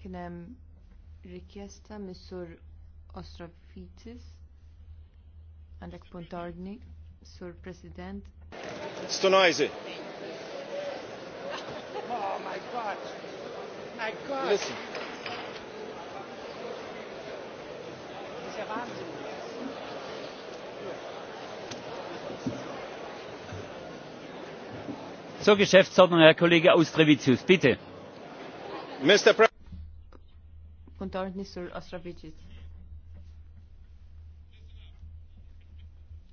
Kien hemm rikjesta mis-sur Ostrofitis. Għandek punt ordni, sur President. Stonajzi. Oh my God. My God. Listen. Er Geschäftsordnung, Herr Kollege Austrevicius, bitte. Mr punta ordni sur Ostrovicis.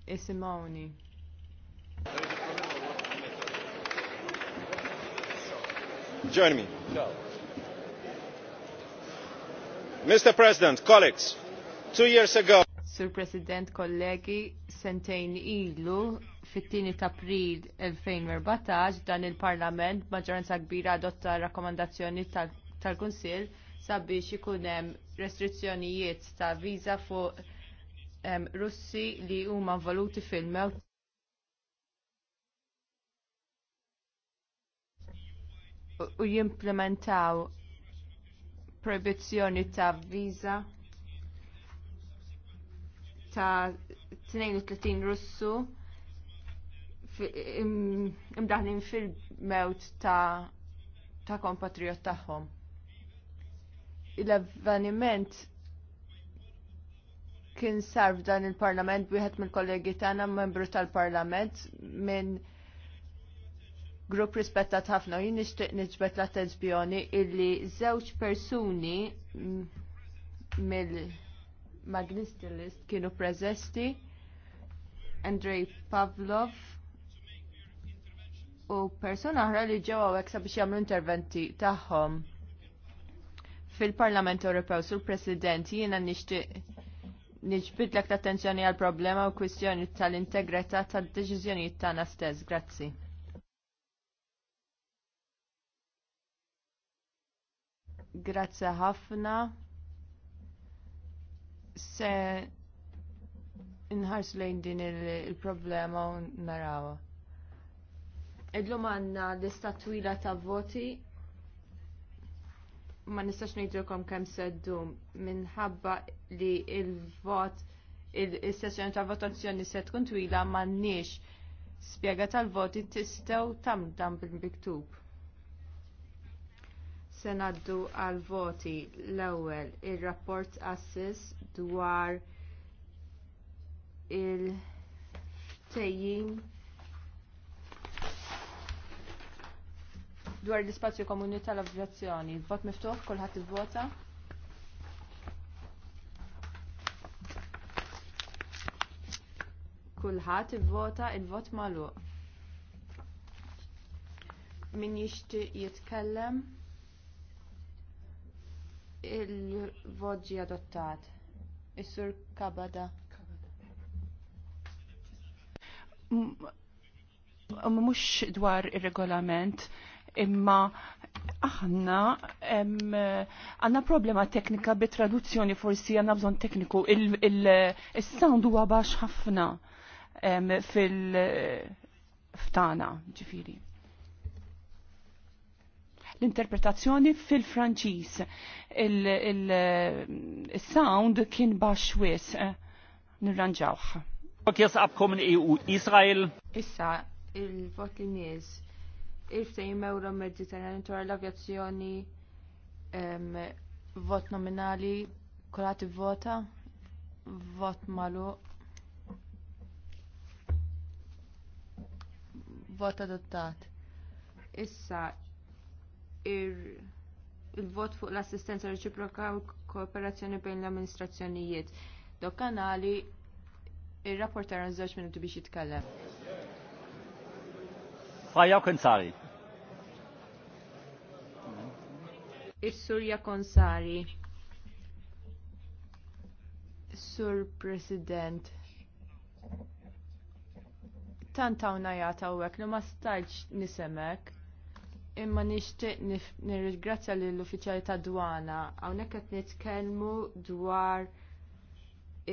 Isimawni. Join me. Mr. President, colleagues, two years ago. Sir President, kollegi, sentejn ilu fit tini ta' April 2014 dan il-Parlament maġġoranza kbira adotta rakkomandazzjoni tal-Kunsill tal, sabiex ikun hemm restrizzjonijiet ta' viża fuq Russi li huma involuti fil-mewt. U jimplementaw proibizzjoni ta' viża ta' 32 Russu imdaħlin fil-mewt ta' ta' kompatriot tagħhom l-avveniment kien sar f'dan il-parlament wieħed mill-kollegi tagħna membru tal-parlament minn grupp rispettat ħafna jien nixtieq niġbed l-attenzjoni illi żewġ persuni mill magnistilist list kienu preżesti Andrej Pavlov u persuna oħra li ġew hekk sabiex jagħmlu interventi tagħhom fil-Parlament Ewropew sur President jiena nixtieq niġbidlek l-attenzjoni għal problema u kwistjoni tal-integrità tad-deċiżjonijiet tagħna stess. Grazzi. Grazzi ħafna. Se inħars lejn din il-problema u narawha. Idlum għandna lista twila ta' voti ma nistax ngħidilkom kemm seddum minħabba li il-vot il-sessjoni ta' votazzjoni se tkun twila m'għandniex spiega tal-voti tistgħu tam dan bil-miktub. Se ngħaddu għal voti l-ewwel ir-rapport assis dwar il-tejjim dwar l-ispazju komuni tal-avjazzjoni. Vot miftuħ, kulħadd ivvota. Kulħadd ivvota, il-vot magħluq. Min jixtieq jitkellem il-vot ġie adottat. Is-sur Kabada. Mhux dwar ir-regolament imma aħna għanna problema teknika bi traduzzjoni forsi għanna bżon tekniku il-sound huwa baxx ħafna fil-ftana ġifiri. L-interpretazzjoni fil-Franċiż il-sound kien baxx wis nirranġawh. Verkehrsabkommen EU-Israel. Issa, il-vot li il-ftejim euro mediterran dwar l-avjazzjoni vot nominali kolati vota vot malu vot adottat issa il-vot fuq l-assistenza reċiproka u kooperazzjoni bejn l-amministrazzjonijiet. Dok kanali ir rapporter għan minuti biex jitkellem u Konsari. Is-Surja Konsari. Sur President. Tant hawnna jagħta hawnhekk li ma stajtx nisemek imma nixtieq nirringrazzja lill uffiċjali ta' dwana hawnhekk qed nitkellmu dwar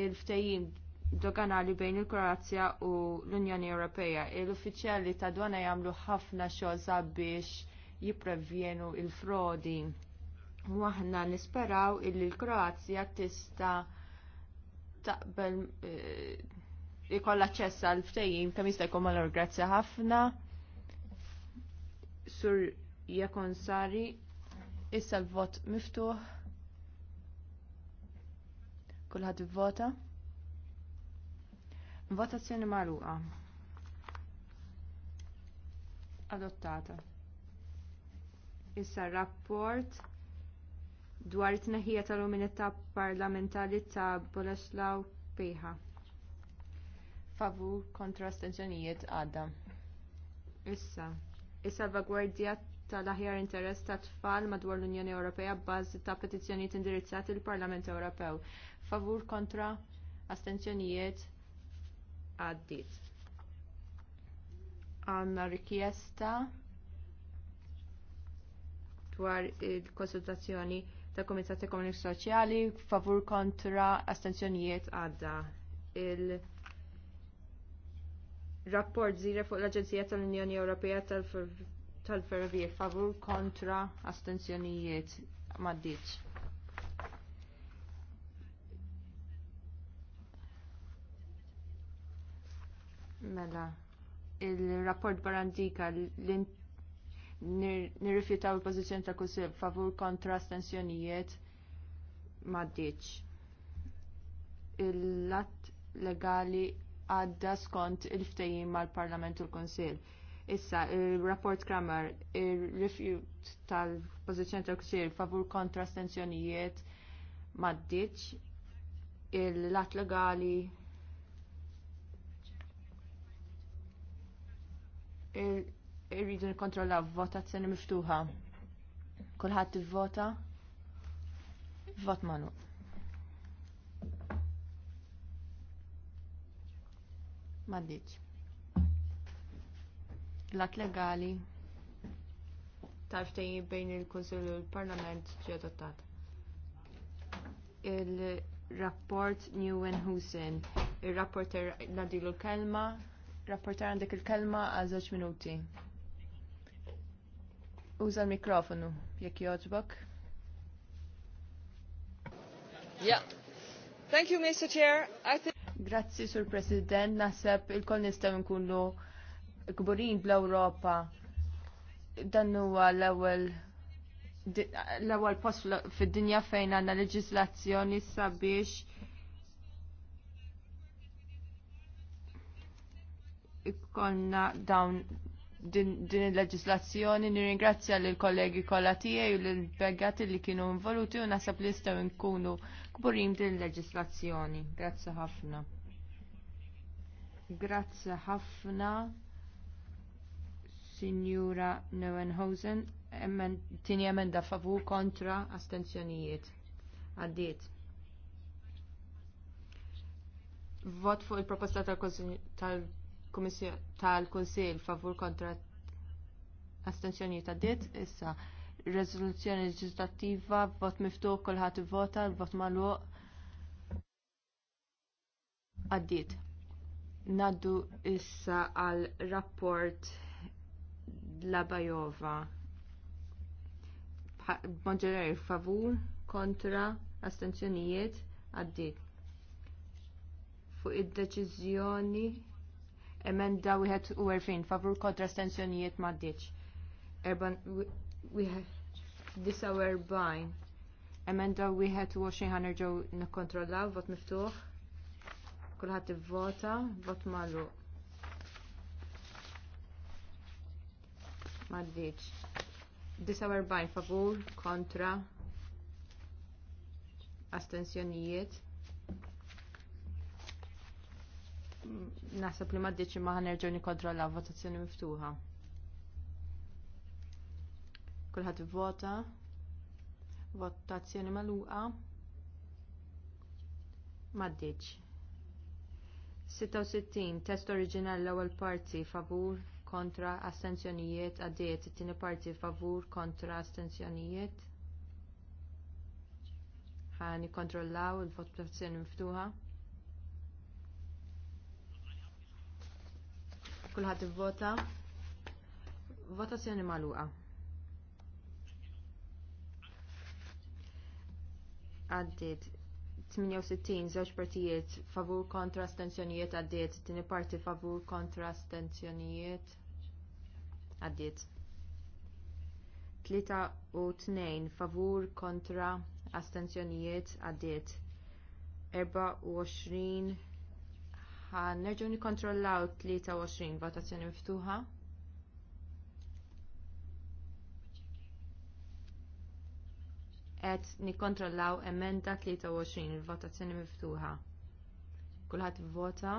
il-ftehim doganali bejn il-Kroazja u l-Unjoni Ewropea. Il-uffiċjali ta' dwana jagħmlu ħafna xogħol sabiex jipprevjenu il-frodi. U aħna nisperaw li l-Kroazja tista' taqbel eh, ikoll aċċess għal ftejjim kemm jista' jkun malor grazzi ħafna. Sur Jakon Sari, issa l-vot miftuħ. Kulħadd ivvota. vota Votazzjoni magħluqa. Adottata. Issa rapport dwar it-tneħħija tal-umanità parlamentari ta' Boleslaw Peha. Favur kontra astenzjonijiet għadda. Issa, is vagwardja tal-aħjar interess ta' tfal madwar l-Unjoni Ewropea b'bażi ta' petizzjonijiet indirizzati l-Parlament Ewropew. Favur kontra astenzjonijiet għaddit. Għanna rikjesta dwar il-konsultazzjoni tal Komitat Ekonomik Soċjali favur kontra astenzjonijiet għadda. Il-rapport zira fuq l-Aġenzija tal-Unjoni Ewropea tal-Ferrovija favur kontra astenzjonijiet maddiċ. Mela, il-rapport barandika nirrifjutaw il-pozizjoni ta' kusib favur kontra stensjonijiet maddiċ. Il-lat legali għadda skont il-ftejjim mal-Parlament u l-Konsil. Issa, il-rapport kramar, il-rifjut tal pozizjon ta' Kusir favur kontra stensjonijiet maddiċ. Il-lat legali irridu nikontrolla votazzjoni miftuħa. Kulħadd ivvota. Vot manu. Maddiċ. L-att legali tarftej bejn il-Kunsill u l-Parlament ġie adottat. Il-rapport and Husen, il-rapporter nadilu l-kelma, Rapportar għandek il-kelma għal żewġ minuti. Uża l-mikrofonu jekk jogħġbok. Ja. Thank you, Mr. Chair. I think... Grazzi, Sur President. Naseb il-kol nistaw nkunu kburin bl-Europa. Dan huwa l-ewwel l-ewwel post fid-dinja fejn għandna leġislazzjoni sabiex ikkonna dawn din, il-leġislazzjoni, nirringrazzja l kollegi kollha tiegħi u l-impjegati li kienu involuti u nasab li jistgħu nkunu kburim din il-leġislazzjoni. Grazzi ħafna. Grazzi ħafna, Signora Neuenhausen, emmen, tini emenda favu kontra astenzjonijiet. Għaddiet. Vot fuq il-proposta tal-Konsil tal tal-Kunsil favur kontra astenzjoni ta' dit, issa rezoluzzjoni leġislattiva, vot miftuħ, kulħadd ivvota, vot magħluq. għaddit. Naddu issa għal rapport la Bajova. Bonġeraj, favur, kontra, astenzjonijiet, għaddit. Fuq id-deċiżjoni Emenda għerfin favur kontra astensjonijiet maddiċ. 49 Emenda 21 n nikkontrollaw vot miftuħ. Kulħadd ivvota, vot magħluq. Maddiċ. 49 favur kontra Astenzjonijiet? naħseb li maddiċ imma ħanerġgħu nikkontrolla votazzjoni miftuħa. Kulħadd ivvota. Votazzjoni magħluqa. Maddiċ. 66 test original l-ewwel parti favur kontra astenzjonijiet għaddiet it-tieni parti favur kontra astenzjonijiet. Ħa nikkontrollaw il-votazzjoni miftuħa. Kulħadd ivvota. Votazzjoni magħluqa. Għaddiet 68 żewġ partijiet favur kontra astenzjonijiet għaddiet, tieni parti favur kontra astenzjonijiet. għaddiet. 3 u favur kontra astenzjonijiet għaddiet. 24 ħan nerġu nikontrollaw 23 votazzjoni miftuħa. Et nikontrollaw emenda 23 votazzjoni miftuħa. Kulħadd vota.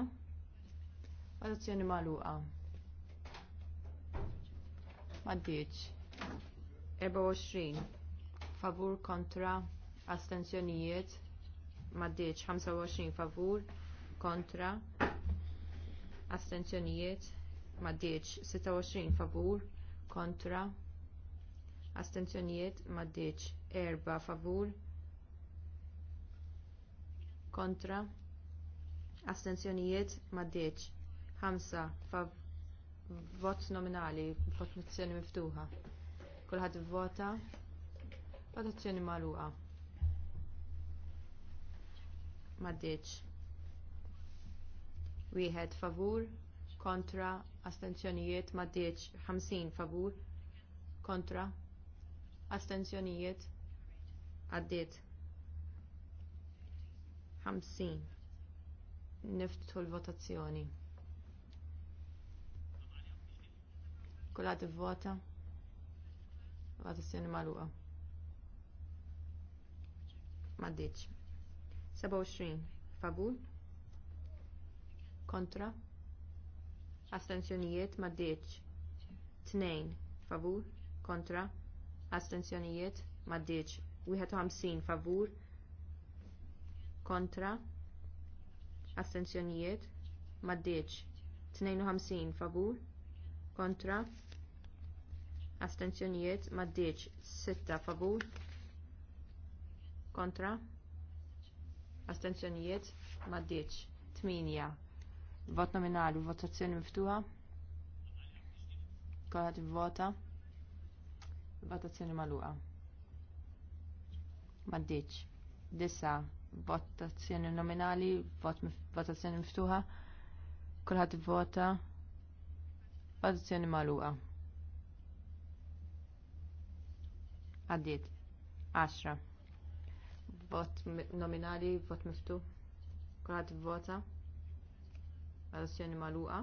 Votazzjoni magħluqa. Maddiċ. 24 favur kontra astensjonijiet maddiċ 25 favur kontra astenzjonijiet ma ddiċ 26 favur kontra astenzjonijiet ma ddiċ 4 favur kontra astenzjonijiet ma ddiċ 5 favur vot nominali, vot miftuħa. Kulħadd vota, votazzjoni magħluqa. Maddiċ wieħed favur kontra astenzjonijiet ma ddieċ 50 favur kontra astenzjonijiet għaddiet 50 niftħu l-votazzjoni kulħadd ivvota votazzjoni magħluqa ma ddieċ 27 favur kontra astenzjonijiet maddiċ tnejn favur kontra astenzjonijiet maddiċ 51 favur kontra astenzjonijiet maddiċ 52 favur kontra astenzjonijiet maddiċ Sitta favur kontra astenzjonijiet maddiċ tminja. Vot nominali, votazzjoni miftuħa. Kolħat vota. Votazzjoni maluqa. Maddiċ. Disa, votazzjoni nominali, vot, votazzjoni miftuħa. Kolħat vota. Votazzjoni maluqa. Għaddit. 10. Vot nominali, vot miftuħ. Kolħat vota. Votazzjoni magħluqa.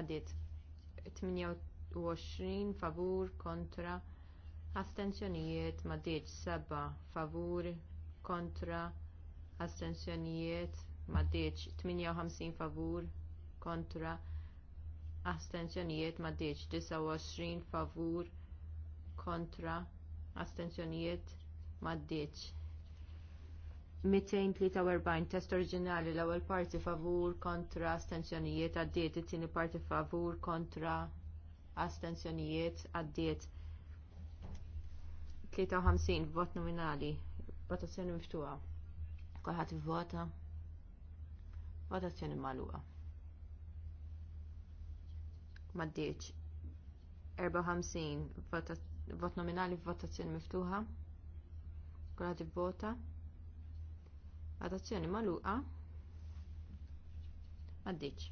Għaddiet 28 favur kontra astenzjonijiet m'għaddiex 7 favur kontra astenzjonijiet m'għaddiex 58 favur kontra astenzjonijiet m'għaddiex 29 favur kontra astenzjonijiet m'għaddiex 243 test oriġinali l-ewwel parti favur kontra astenzjonijiet għaddiet, it-tieni parti favur kontra astenzjonijiet għaddiet. 53 vot nominali, votazzjoni miftuħa. Kolħat vota, Votazzjoni magħluqa. Maddiċ. 54 vot nominali votazzjoni miftuħa. Kulħadd vota. Votazzjoni maluqa. Għaddiċ.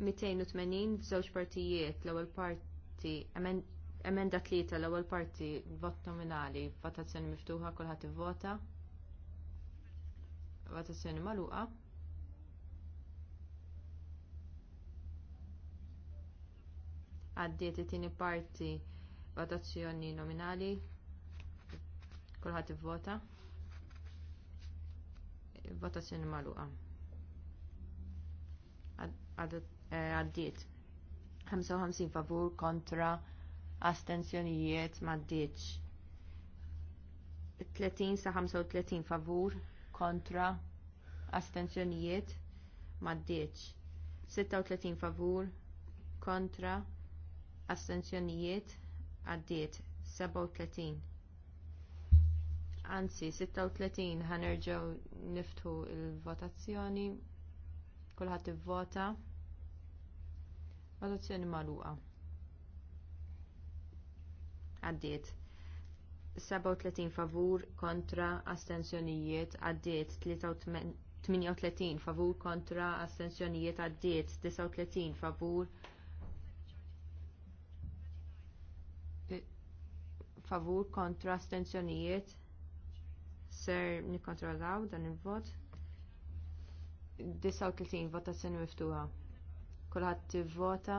280 f'żewġ partijiet l-ewwel parti emenda tlieta l-ewwel parti vot nominali votazzjoni miftuħa kulħadd ivvota. Votazzjoni magħluqa. Għaddiet it-tieni parti votazzjoni nominali Kulħadd ivvota. Votazzjoni magħluqa. Eh, għaddiet. 55 favur kontra astenzjonijiet m'għaddiex. 30 sa 35 favur kontra astenzjonijiet m'għaddiex. 36 favur kontra astenzjonijiet għaddiet 37 Anzi, 36 ħanerġaw niftu l votazzjoni Kulħadd ivvota. Votazzjoni magħluqa. Għaddiet. 37 favur kontra astensjonijiet għaddiet 38 favur kontra astensjonijiet għaddiet 39 favur eh, favur kontra astensjonijiet ser nikkontrollaw dan il-vot. 39 votazzjoni miftuħa. Kulħadd tivvota.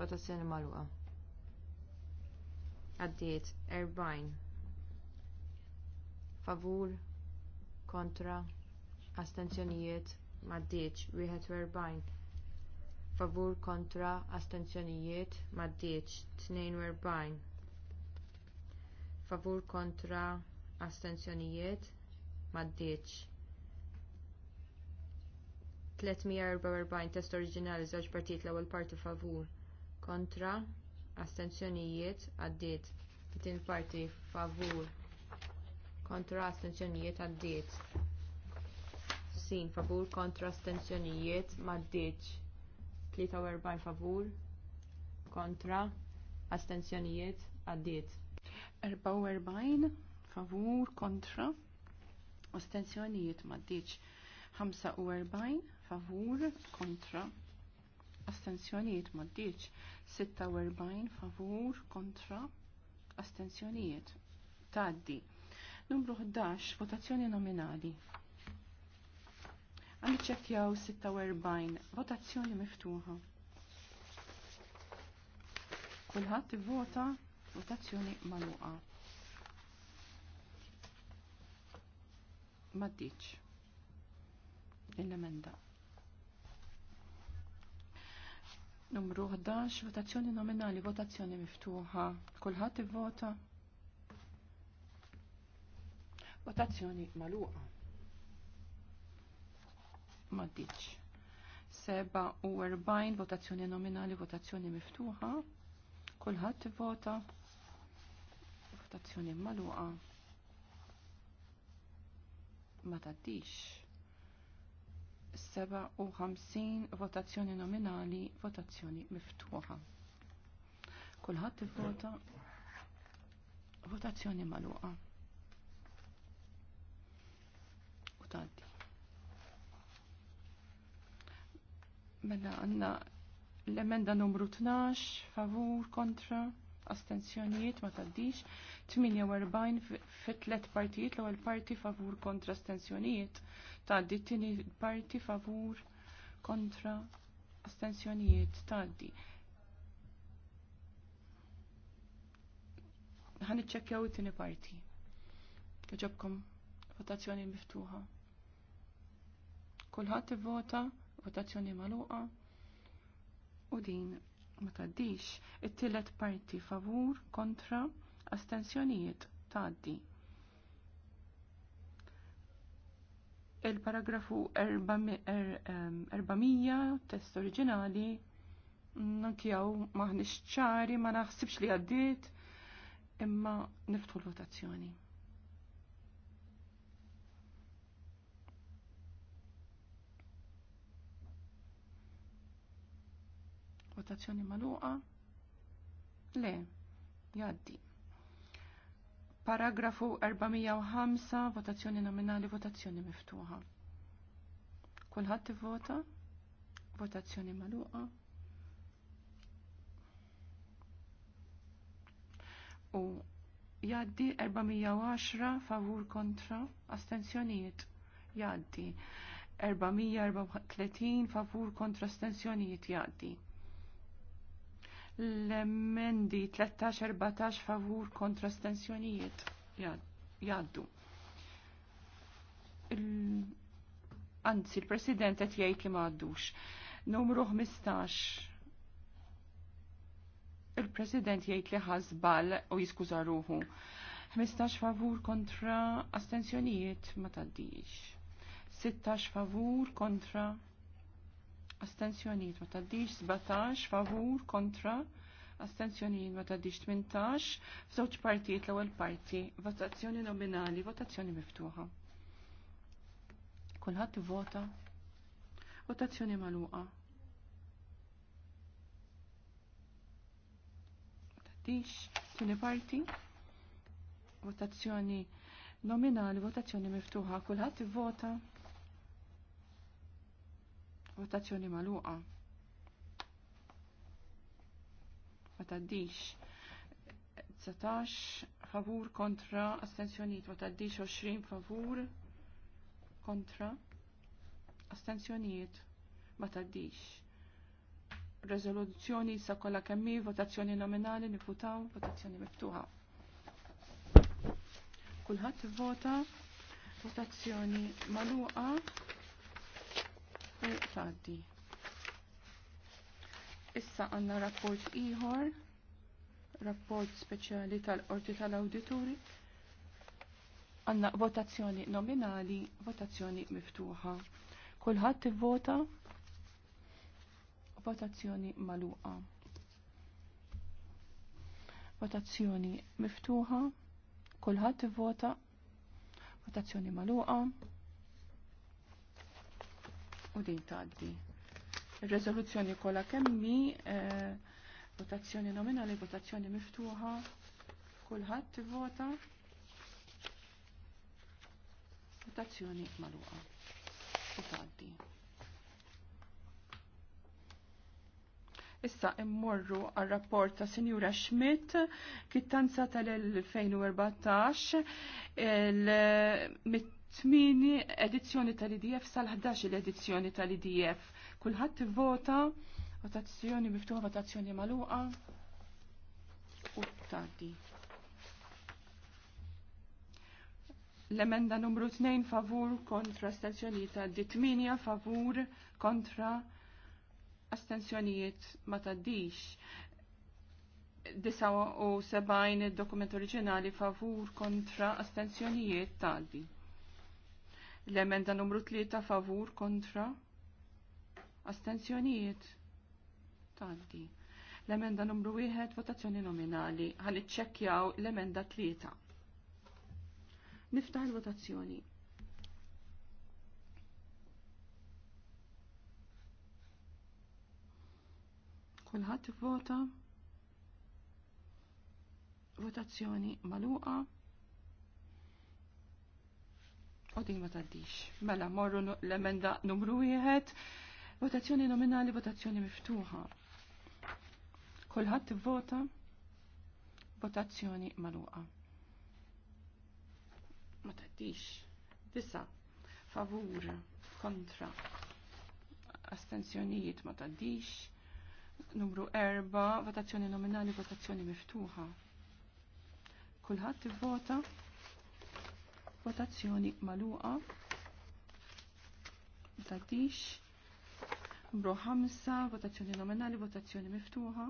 Votazzjoni magħluqa. Għaddiet 40. Favur, kontra, astenzjonijiet, maddiċ, 41. Favur, kontra, astenzjonijiet, maddiċ, 42 favur kontra astenzjonijiet maddiċ 344 test oriġinali żewġ partijiet l-ewwel parti favur kontra astenzjonijiet għaddiet it-tieni parti favur kontra astenzjonijiet għaddiet sin favur kontra astenzjonijiet m'għaddietx 43 favur kontra astenzjonijiet għaddiet 44 favur kontra astenzjonijiet maddiċ 45 favur kontra astenzjonijiet maddiċ 46 favur kontra astensjonijiet taddi numru 11 votazzjoni nominali għan ċekjaw 46 votazzjoni miftuħa kulħadd ivvota Votazzjoni maluqa. Maddiċ. Il-emenda. Numru 11, votazzjoni nominali, votazzjoni miftuħa. Kulħadd ivvota. Votazzjoni maluqa. Maddiċ. Seba u 40, votazzjoni nominali, votazzjoni miftuħa. Kulħadd ivvota. vota votazzjoni maluqa ma taddix. 57 votazzjoni nominali, votazzjoni miftuħa. Kulħadd ivvota votazzjoni magħluqa. U tgħaddi. Mela għandna l-emenda numru 12, favur, kontra, astenzjonijiet, ma taddix. 48 fit tlet partijiet l-ewwel parti favur kontra astensjonijiet tgħaddi t-tieni parti favur kontra astensjonijiet tgħaddi. Ħan iċċekkjaw it-tieni parti. Ġobkom votazzjoni miftuħa. Kulħadd ivvota, votazzjoni magħluqa u din ma tgħaddix. It-tielet parti favur kontra astensjonijiet taddi. Il-paragrafu 400 er-, test oriġinali nankjaw maħni ċari ma naħsibx li għaddiet imma niftu l-votazzjoni. Votazzjoni maluqa? Le, jaddi. Paragrafu 405, votazzjoni nominali, votazzjoni miftuħa. Kulħadd ivvota, votazzjoni magħluqa. U jaddi 410 favur kontra astenzjonijiet. Jaddi 434 favur kontra astensjonijiet jaddi l-emendi 13-14 favur kontra stensjonijiet jaddu. Anzi, il-President qed jgħid li m'għaddux. Numru 15 il-President jgħid li ħasbal u jiskuża ruħu. 15 favur kontra astensjonijiet ma taddix. 16 favur kontra astenzjonijiet ma taddix 17 favur kontra astenzjonijiet ma taddix 18 f'żewġ partijiet l-ewwel parti votazzjoni nominali votazzjoni miftuħa kulħadd ivota votazzjoni magħluqa taddix tieni parti votazzjoni nominali votazzjoni miftuħa kulħadd ivvota Votazzjoni maluqa. Ma taddix. 19 favur kontra astensjoniet. Ma taddix 20 favur kontra astensjoniet. Ma taddix. Rezoluzzjoni sa kolla kemmi, votazzjoni nominali, nifutaw, votazzjoni miftuħa. Kulħadd vota, votazzjoni maluqa tgħaddi. Issa għandna rapport ieħor, rapport speċjali tal-Qorti tal-Awdituri, għandna votazzjoni nominali, votazzjoni miftuħa. Kulħadd ivvota votazzjoni magħluqa. Votazzjoni miftuħa, kulħadd ivvota, votazzjoni magħluqa u din tgħaddi. Ir-reżoluzzjoni kollha kemm mi eh, votazzjoni nominali, votazzjoni miftuħa, kulħadd ivvota. Votazzjoni magħluqa u tgħaddi. Issa immorru għal rapport ta' Sinjura Schmidt, kittanza tal-2014, il tmini edizzjoni tal-IDF sal-11 edizzjoni tal-IDF. Kulħadd vota votazzjoni miftuħa votazzjoni maluqa u tati. L-emenda numru 2 favur kontra astensjonijiet għaddi 8 favur kontra astensjonijiet ma taddix. 79 dokument oriġinali favur kontra astensjonijiet taddi. L-emenda numru 3 favur kontra astenzjonijiet tanti. L-emenda numru 1 votazzjoni nominali għal iċċekkjaw l-emenda 3. Niftaħ l votazzjoni Kulħadd ivvota. Votazzjoni maluqa. U din ma taddix. Mela, morru l-emenda numru jħed, votazzjoni nominali, votazzjoni miftuħa. Kolħat vota, votazzjoni maluqa. Ma taddix. Disa, favur, kontra, astensjonijiet ma taddix. Numru erba, votazzjoni nominali, votazzjoni miftuħa. Kulħadd ivvota, vota votazzjoni maluqa tadix bro 5 votazzjoni nominali votazzjoni miftuħa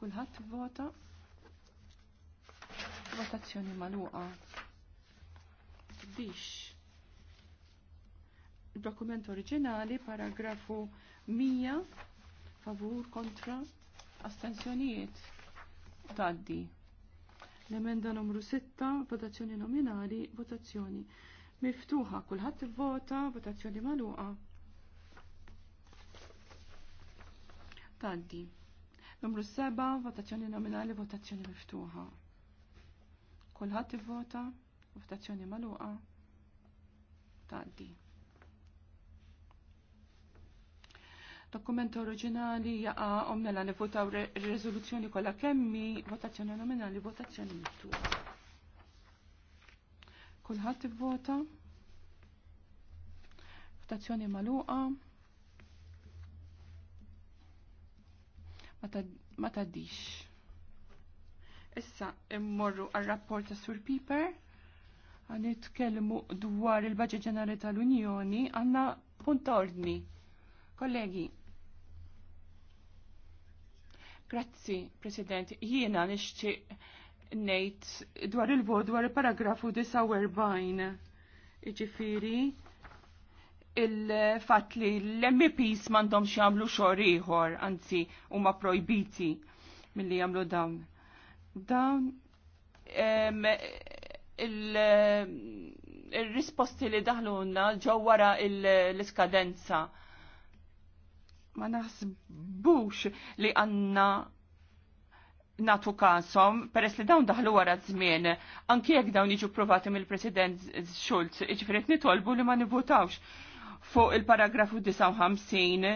kulħadd vota votazzjoni maluqa tadix dokument oriġinali paragrafu 100 favur kontra astensjonijiet tgħaddi. L-emenda numru 6, votazzjoni nominali, votazzjoni miftuħa. Kulħadd ivvota, votazzjoni magħluqa. Taddi. Numru 7, votazzjoni nominali, votazzjoni miftuħa. Kulħadd ivvota, votazzjoni magħluqa. Taddi. Dokument oriġinali jaqa' omnela nivvotaw riżoluzzjoni kollha kemmi votazzjoni nominali, votazzjoni miftuħa. Kulħadd ivvota. Votazzjoni magħluqa. Ma taddix. Issa immorru għal-rapport ta' Sur Piper għanitkellmu dwar il-Baġġi Ġenerali tal-Unjoni għanna punt ordni. Kollegi, Grazzi, President. Jiena nixtieq ngħid dwar il-vot dwar il-paragrafu 49. Iġifieri il-fatt li l-MPs m'għandhomx jagħmlu xorriħor, ieħor, anzi huma projbiti milli jagħmlu dawn. Dawn il-risposti li daħlunna ġew wara l-iskadenza. il, il ma naħsbux li għanna natu kasom, peress li dawn daħlu wara żmien, anki jekk dawn jiġu provati mill-President Schulz, iġifrit nitolbu li ma nivutawx fuq il-paragrafu 59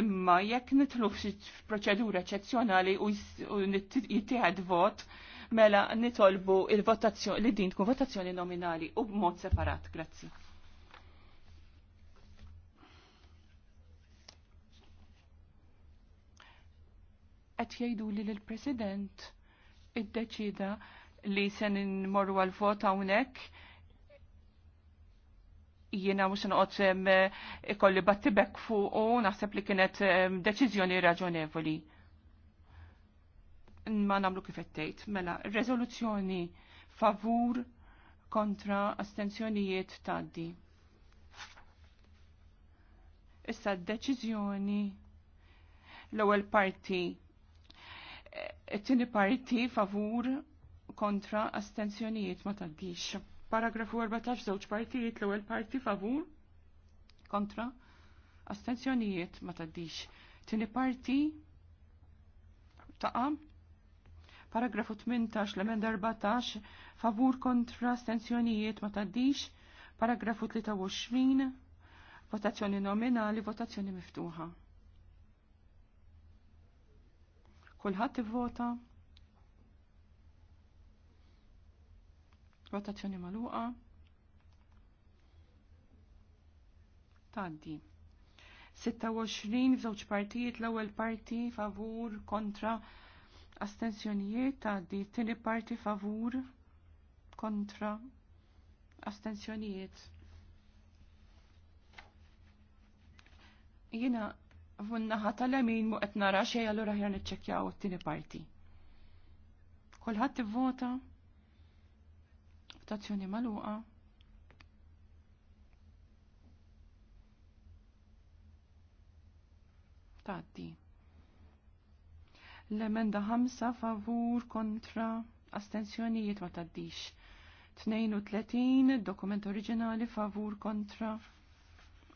imma jekk nitlu f'proċedura eccezzjonali u jittieħed vot, mela nitolbu il-votazzjoni li din tkun votazzjoni nominali u b'mod separat. Grazzi. qed jgħidu li l-President iddeċida li se nmorru għal vot hawnhekk jiena mhux inqgħod ikolli battibek fuq u naħseb li kienet deċiżjoni raġonevoli. Ma nagħmlu kif ettejt, tgħid, mela r-reżoluzzjoni favur kontra astenzjonijiet taddi. Issa d-deċiżjoni l-ewwel parti it-tieni parti favur kontra astenzjonijiet ma taddix. Paragrafu 14 żewġ partijiet l-ewwel parti favur kontra astenzjonijiet ma taddix. Tieni parti taqa' paragrafu 18 l-emenda 14 favur kontra astenzjonijiet ma taddix. Paragrafu 23 votazzjoni nominali, votazzjoni miftuħa. Kulħadd ivvota. Votazzjoni magħluqa. Taddi. 26 f'żewġ partijiet l-ewwel parti favur kontra astensjonijiet tgħaddi, tieni parti favur kontra astensjonijiet. Jiena Funnaħa tal-emin mu qed nara xejn allura ħjar niċċekkjaw it-tieni parti. Kulħadd vota votazzjoni magħluqa. Taddi. L-emenda ħamsa favur kontra astensjonijiet ma taddix. 32 dokument oriġinali favur kontra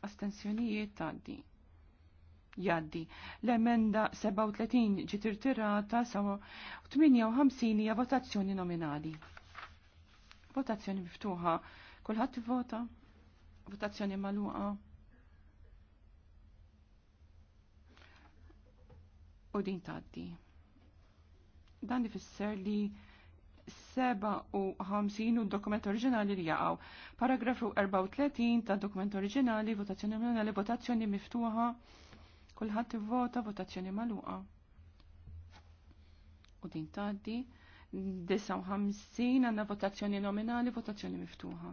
astensjonijiet taddi jaddi. L-emenda 37 ġiet irtirata sa 58 hija votazzjoni nominali. Votazzjoni miftuħa. Kulħadd vota? Votazzjoni magħluqa. u din taddi. Dan ifisser li 57 u dokument oriġinali li jaqaw. Paragrafu 34 ta' dokument oriġinali, votazzjoni nominali, votazzjoni miftuħa, Kulħadd ivvota votazzjoni magħluqa. U din tgħaddi 59 għandna votazzjoni nominali, votazzjoni miftuħa.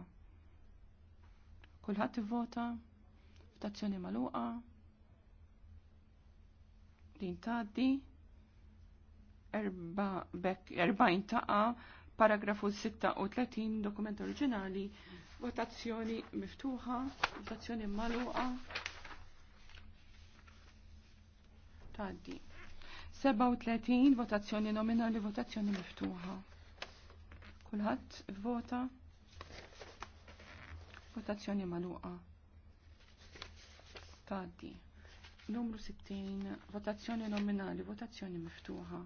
Kulħadd ivvota votazzjoni magħluqa. Din tgħaddi 40 taqa paragrafu 36 dokument oriġinali, votazzjoni miftuħa, votazzjoni magħluqa. taddi. 37 votazzjoni nominali votazzjoni miftuħa. Kulħadd vota votazzjoni magħluqa. Taddi. Numru 60 votazzjoni nominali votazzjoni miftuħa.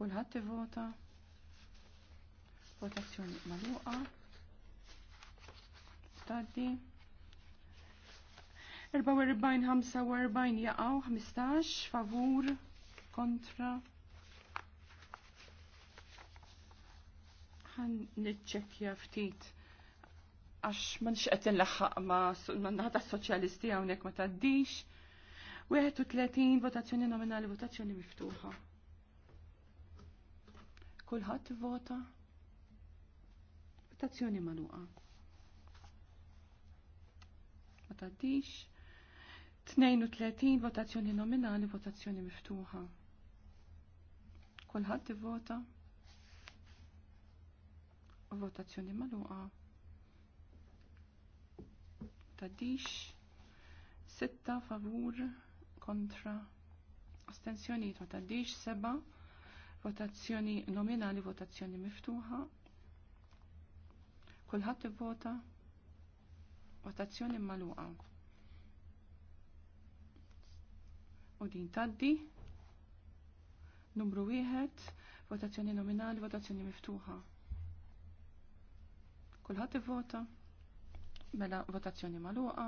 Kulħadd ivota votazzjoni magħluqa. Taddi. 44-45 jaqaw 15 favur kontra Għan nitċekja ftit għax ma nxqet nlaħħaq ma naħda soċjalisti hawnhekk ma tgħaddix. 31 votazzjoni nominali votazzjoni miftuħa. Kulħadd vota. Votazzjoni magħluqa. Ma taddix? 32 votazzjoni nominali, votazzjoni miftuħa. Kulħadd ivvota. Votazzjoni magħluqa. Tadix. Sitta favur kontra astensjonijiet ma tadix seba votazzjoni nominali, votazzjoni miftuħa. Kulħadd ivvota. Votazzjoni magħluqa. u din taddi. Numru wieħed, votazzjoni nominali, votazzjoni miftuħa. Kulħadd ivvota. Mela votazzjoni magħluqa.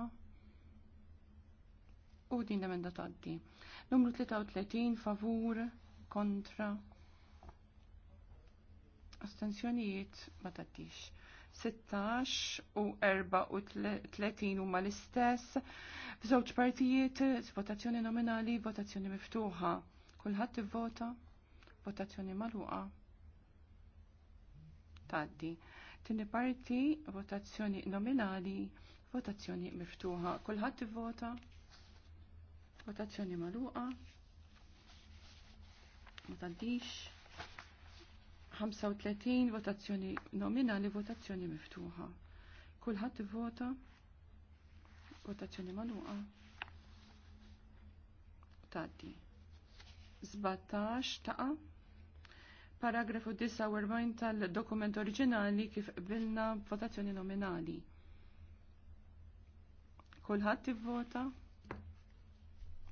U din l-emenda taddi. Numru 33 favur kontra Astenzjonijiet ma taddix. 16 u 34 huma l-istess Żewġ partijiet, votazzjoni nominali, votazzjoni miftuħa. Kulħadd ivvota, votazzjoni magħluqa. Taddi. Tini parti, votazzjoni nominali, votazzjoni miftuħa. Kulħadd ivvota, votazzjoni magħluqa. Ma tgħaddix. 35 votazzjoni nominali, votazzjoni miftuħa. Kulħadd ivvota, Votazzjoni maluqa. Tati. 17 taqa. Paragrafu 49 tal-dokument oriġinali kif qbilna votazzjoni nominali. Kulħadd ivvota.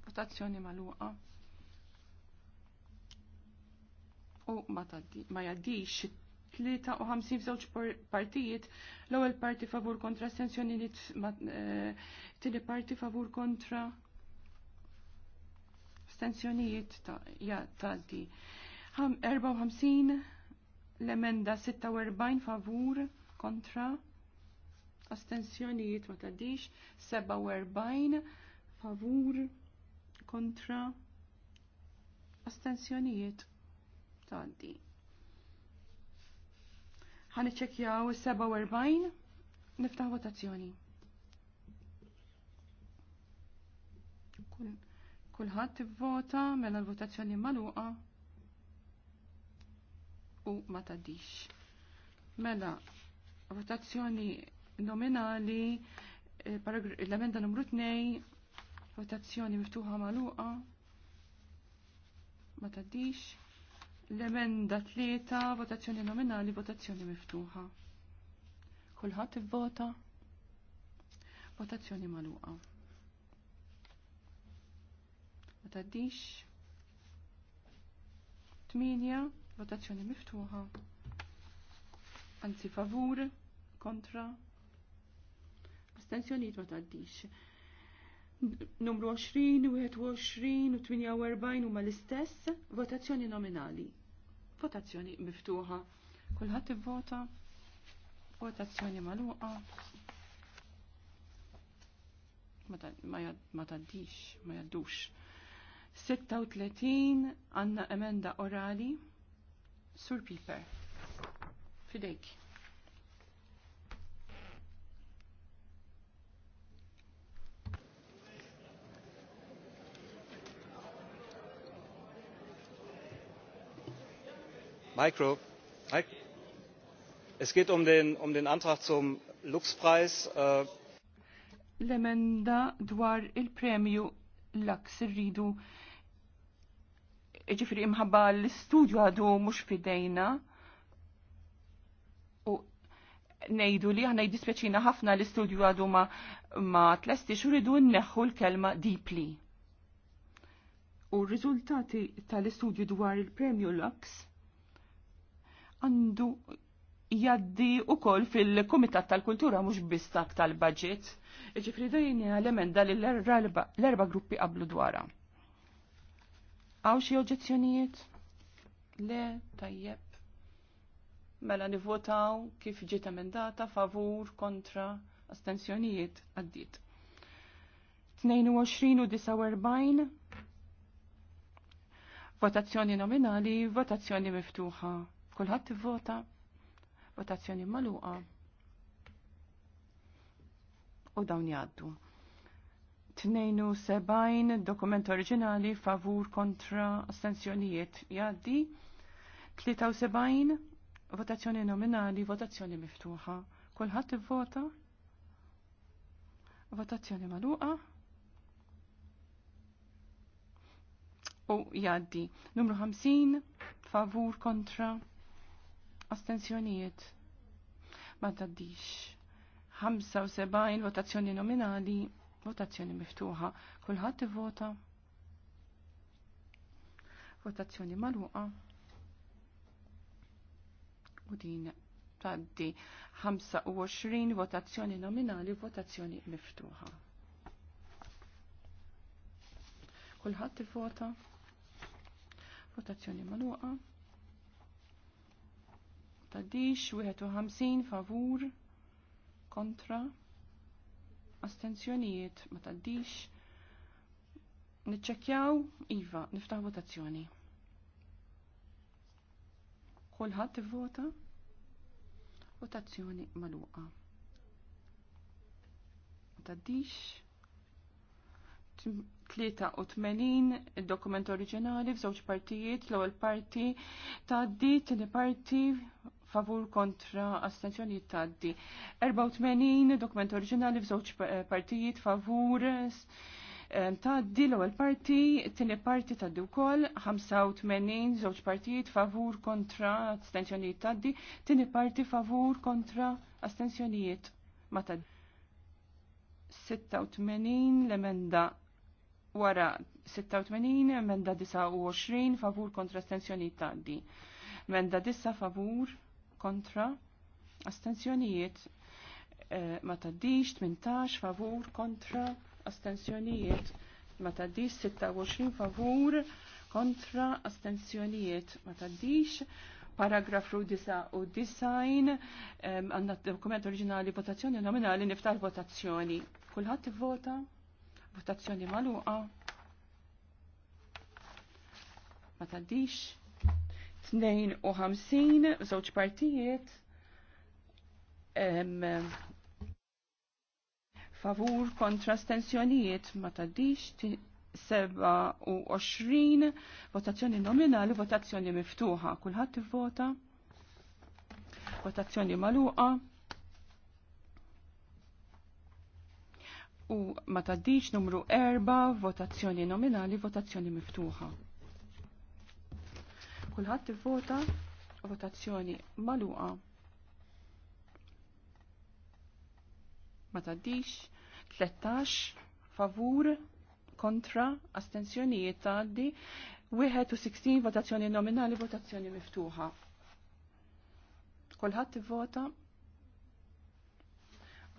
Votazzjoni maluqa. U ma, ma jaddix 53 żewġ partijiet, l-ewwel parti favur kontra astensjonijiet, eh, tieni parti favur kontra astensjonijiet ta' ja 54 l-emenda 46 favur kontra astensjonijiet ma tadix 47 favur kontra astensjonijiet taddi ħaniċċekjaw is-47 niftaħ votazzjoni. Kulħadd ivvota mela l-votazzjoni magħluqa u ma tadix. Mela votazzjoni nominali eh, l-emenda numru 2 votazzjoni miftuħa magħluqa ma taddix. L-emenda tlieta, votazzjoni nominali, votazzjoni miftuħa. Kulħadd ivvota. Votazzjoni magħluqa. Ma tgħaddix. Tminja, votazzjoni miftuħa. Anzi favur, kontra. Astenzjonijiet ma taddix. numru 20, 21 u 48 huma l-istess votazzjoni nominali. Votazzjoni miftuħa. Kulħadd ivvota. Votazzjoni magħluqa. Ma taddix, ma jaddux. 36 għanna emenda orali. Sur Piper. Fidejk. Micro. Es geht um den, um den Antrag zum Lux-Preis. Äh, L-emenda dwar il-premju Lux irridu ġifri imħabba l-istudju għadu mux fidejna u nejdu li għana jdispieċina ħafna l-istudju għadu ma, ma tlesti xuridu neħu l-kelma deeply. U r-riżultati tal-istudju dwar il-premju Lux għandu jaddi u koll fil-Komitat tal-Kultura mux bistak tal-Budget. Ġifri dajni għal-emenda dal l-erba gruppi qablu dwara. Għaw xie oġezzjonijiet? Le, tajjeb. Mela nivvotaw kif ġiet emendata favur kontra astensjonijiet għaddit. 22 u 49 votazzjoni nominali, votazzjoni miftuħa. Kulħadd tivvota votazzjoni maluqa u dawn jaddu. 72 dokument oriġinali favur kontra astensjonijiet jgħaddi. 73 votazzjoni nominali, votazzjoni miftuħa. Kulħadd vota votazzjoni maluqa u jgħaddi. Numru 50 favur kontra Astenzjonijiet. Ma taddix. 75 votazzjoni nominali, votazzjoni miftuħa. Kulħadd ivota. Votazzjoni magħluqa. U din taddi 25 votazzjoni nominali, votazzjoni miftuħa. Kulħadd ivota. Votazzjoni magħluqa. Tadix, ħamsin favur kontra astenzjonijiet ma taddix. Niċċekjaw iva, niftaħ votazzjoni. Kulħadd ivvota? Votazzjoni magħluqa. Ma taddix. tmenin id-dokument oriġinali f'żewġ partijiet, l-ewwel parti tgħaddi, tieni parti favur kontra astenzjoni taddi. 84 dokument oriġinali f'żewġ eh, partijiet favur eh, taddi l-ewwel parti, tieni parti taddi wkoll 85 żewġ partijiet favur kontra astenzjonijiet taddi, tieni parti favur kontra astenzjonijiet ma taddi. 86 l-emenda wara 86 emenda 29 favur kontra astenzjonijiet taddi. Menda dissa favur kontra, astenzjonijiet eh, ma taddix 18 favur kontra, astenzjonijiet ma taddix 26 favur kontra, astenzjonijiet ma taddix paragrafu 99 għanna dokument oriġinali votazzjoni nominali niftar votazzjoni. Kulħadd ivvota, votazzjoni maluqa, ma taddix? 52 żewġ partijiet favur kontra stensjonijiet ma taddix 27 votazzjoni nominali, votazzjoni miftuħa. Kulħadd ivvota. Votazzjoni maluqa. U ma taddix numru 4, votazzjoni nominali, votazzjoni miftuħa. Kulħadd ivvota votazzjoni maluqa. Ma taddix 13 favur kontra astensjonijiet tgħaddi 61 votazzjoni nominali votazzjoni miftuħa. Kulħadd ivvota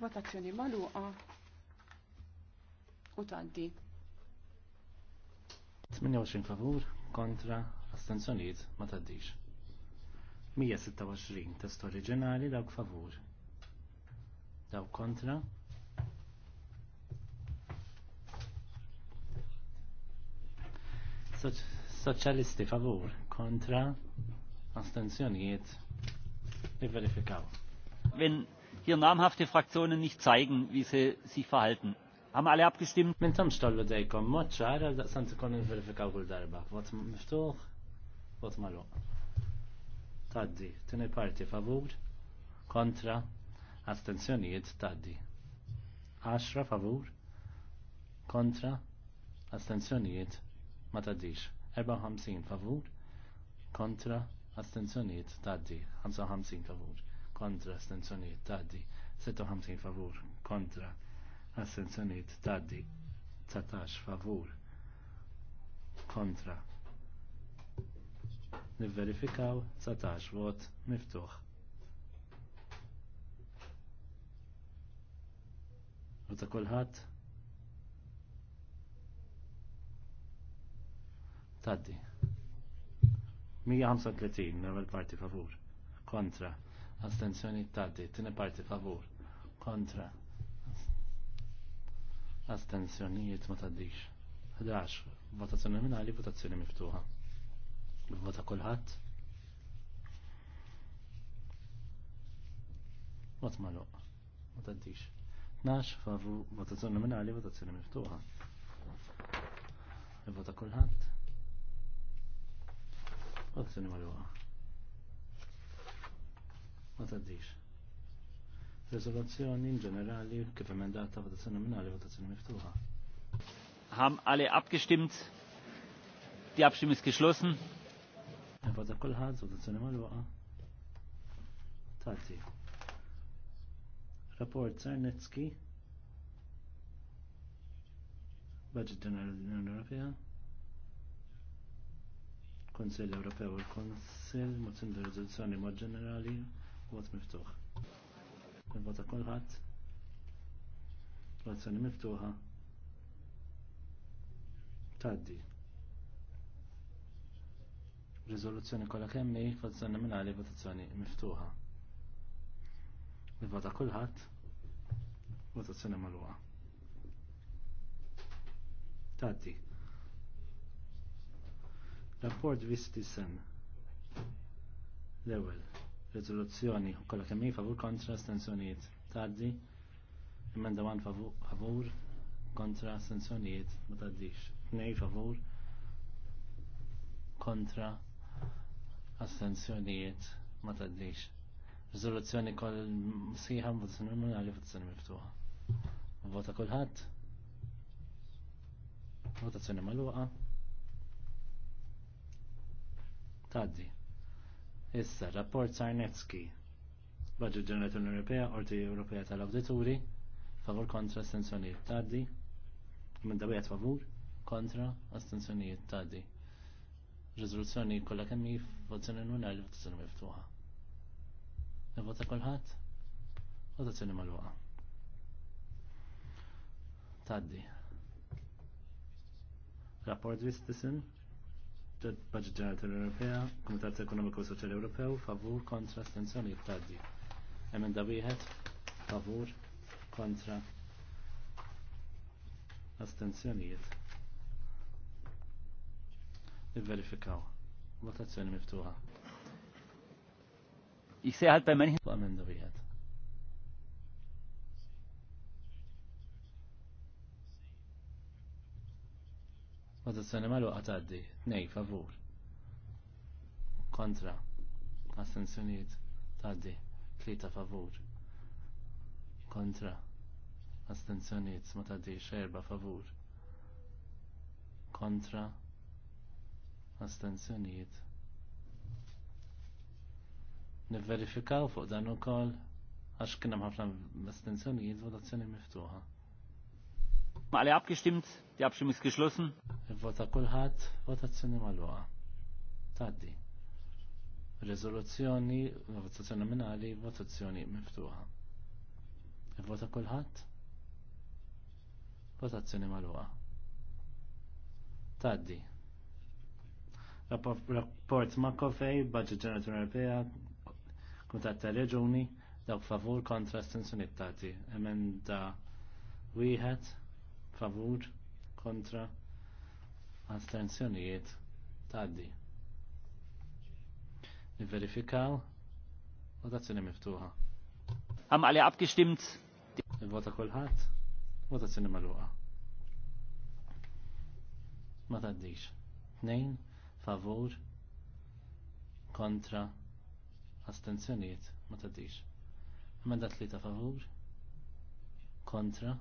votazzjoni maluqa u tgħaddi. 28 favur kontra astenzjoniet ma taddix. 126 test oriġinali dawk favur. Dawk kontra. Soċjalisti favur kontra astenzjoniet verifikaw. Wenn hier namhafte Fraktionen nicht zeigen, wie sie sich verhalten, Għam għali abkistim? Min tamx tollu dejkom, moċċar, għal daqsan tikon il-verifikaw kull darba. Vot miftuħ? Vot malu. Taddi. Tini parti favur. Kontra. astensjonijiet taddi. Aċra favur. Kontra. Astenzjonijiet ma taddix. 54 favur. Kontra. Astenzjonijiet taddi. 55 favur. Kontra. astensjonijiet taddi. 56 favur. Kontra. Astenzjonijiet taddi. Tatax favur. Kontra nivverifikaw 19 vot miftuħ. U ta' kulħadd taddi. 135 l-ewwel parti favur. Kontra. Astenzjoni taddi. Tieni parti favur. Kontra. Astenzjonijiet ma taddix. 11. Votazzjoni nominali, votazzjoni miftuħa. Vota kolħat. Vot magħluq. Ma tantix. 12 favur votazzjoni nominali, votazzjoni miftuħa. Vota kolħat. Votazzjoni magħluqa. Ma tantix. Risoluzzjoni in ġenerali kif emendata votazzjoni nominali, votazzjoni miftuħa. Haben alle abgestimmt? Die Abstimmung ist geschlossen. Vada kullħad, votazzjoni mal-waqa. Tati. Rapport Sarnetski. Budget General l-Unjoni Ewropea. Konsell Ewropew u l di mozzjoni ta' riżoluzzjoni mod ġenerali miftuħ. Kun vota kulħadd. Votazzjoni miftuħa. Taddi. Rizoluzzjoni kolla kemmi, votazzjoni nominali, votazzjoni miftuħa. Il-vota kulħadd, votazzjoni magħluqa. Tati. Rapport Vistisen. L-ewwel. Riżoluzzjoni kollha kemm hi favur kontra astensjonijiet. Tgħaddi. Emenda wan favur kontra astensjonijiet ma tgħaddix. Nej favur kontra Astenzjonijiet ma taddix. Rizoluzzjoni kol siħa votazzjoni nominali votazzjoni miftuħa. Vota kulħadd. Votazzjoni magħluqa. Taddi. Issa, rapport Sarnetski. Budget Ġenerali tal Europea, Orti Europea tal auditori favur kontra astenzjonijiet taddi. Minn dawijat favur kontra astenzjonijiet taddi. Rizoluzzjoni kollha kemm hi votazzjoni nuna li votazzjoni miftuħa. Nivota kulħadd? Votazzjoni magħluqa. Taddi. Rapport Vistisen, Budget Ġenerali tal-Ewropea, Komitat Ekonomiku Soċjali Ewropew, favur kontra astenzjoni taddi. Emenda wieħed, favur kontra astenzjonijiet. Nivverifikaw. Votazzjoni miftuħa. Jisejħal għal menħi? Fuq amendu wieħed. Votazzjoni malu għataddi. Nej, favur. Kontra. Astenzjoniet. taddi. Tlita favur. Kontra. Astenzjoniet. ma taddi. Xerba favur. Kontra astenzjonijiet. Nivverifikaw fuq dan ukoll għax kien hemm ħafna astenzjonijiet votazzjoni miftuħa. Maqli stimmt, die Abstimmung ist geschlossen. Vota kulħadd, votazzjoni magħluqa. Taddi. Rezoluzzjoni, votazzjoni nominali, votazzjoni miftuħa. Vota kulħadd? Votazzjoni magħluqa. Taddi. Rapport ma' kofej, budget ġenerator Ewropea, kuntat ta' reġuni, dawk favur kontra stenzjoniet tati. Emenda wieħed favur kontra astenzjonijiet taddi. Niverifikaw votazzjoni miftuħa. Għam għalli għabki Il-vota kolħat, votazzjoni maluqa. Ma taddix. Nejn, favur kontra astenzjoniet ma tadix emenda tlieta favur kontra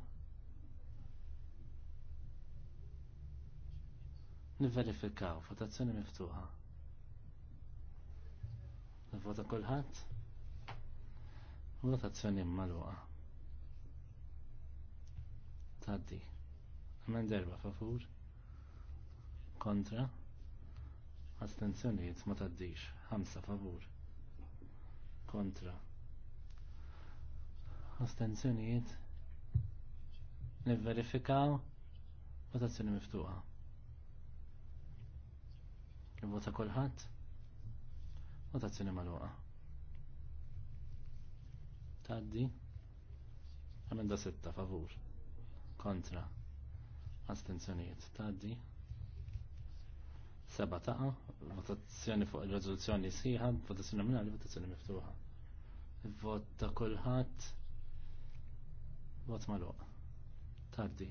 Nivverifikaw, votazzjoni miftuħa. Nivvota kulħadd. Votazzjoni magħluqa. Taddi. Emenda derba favur. Kontra astenzjonijiet ma taddix 5 favur kontra astenzjonijiet nivverifikaw votazzjoni miftuqa vota kulħadd votazzjoni magħluqa tgħaddi emenda 6 favur kontra astenzjonijiet tgħaddi seba taqa, votazzjoni fuq il-rezoluzzjoni siħa, votazzjoni nominali, votazzjoni miftuħa. Vot ta' kulħadd, vot magħluq. Tardi.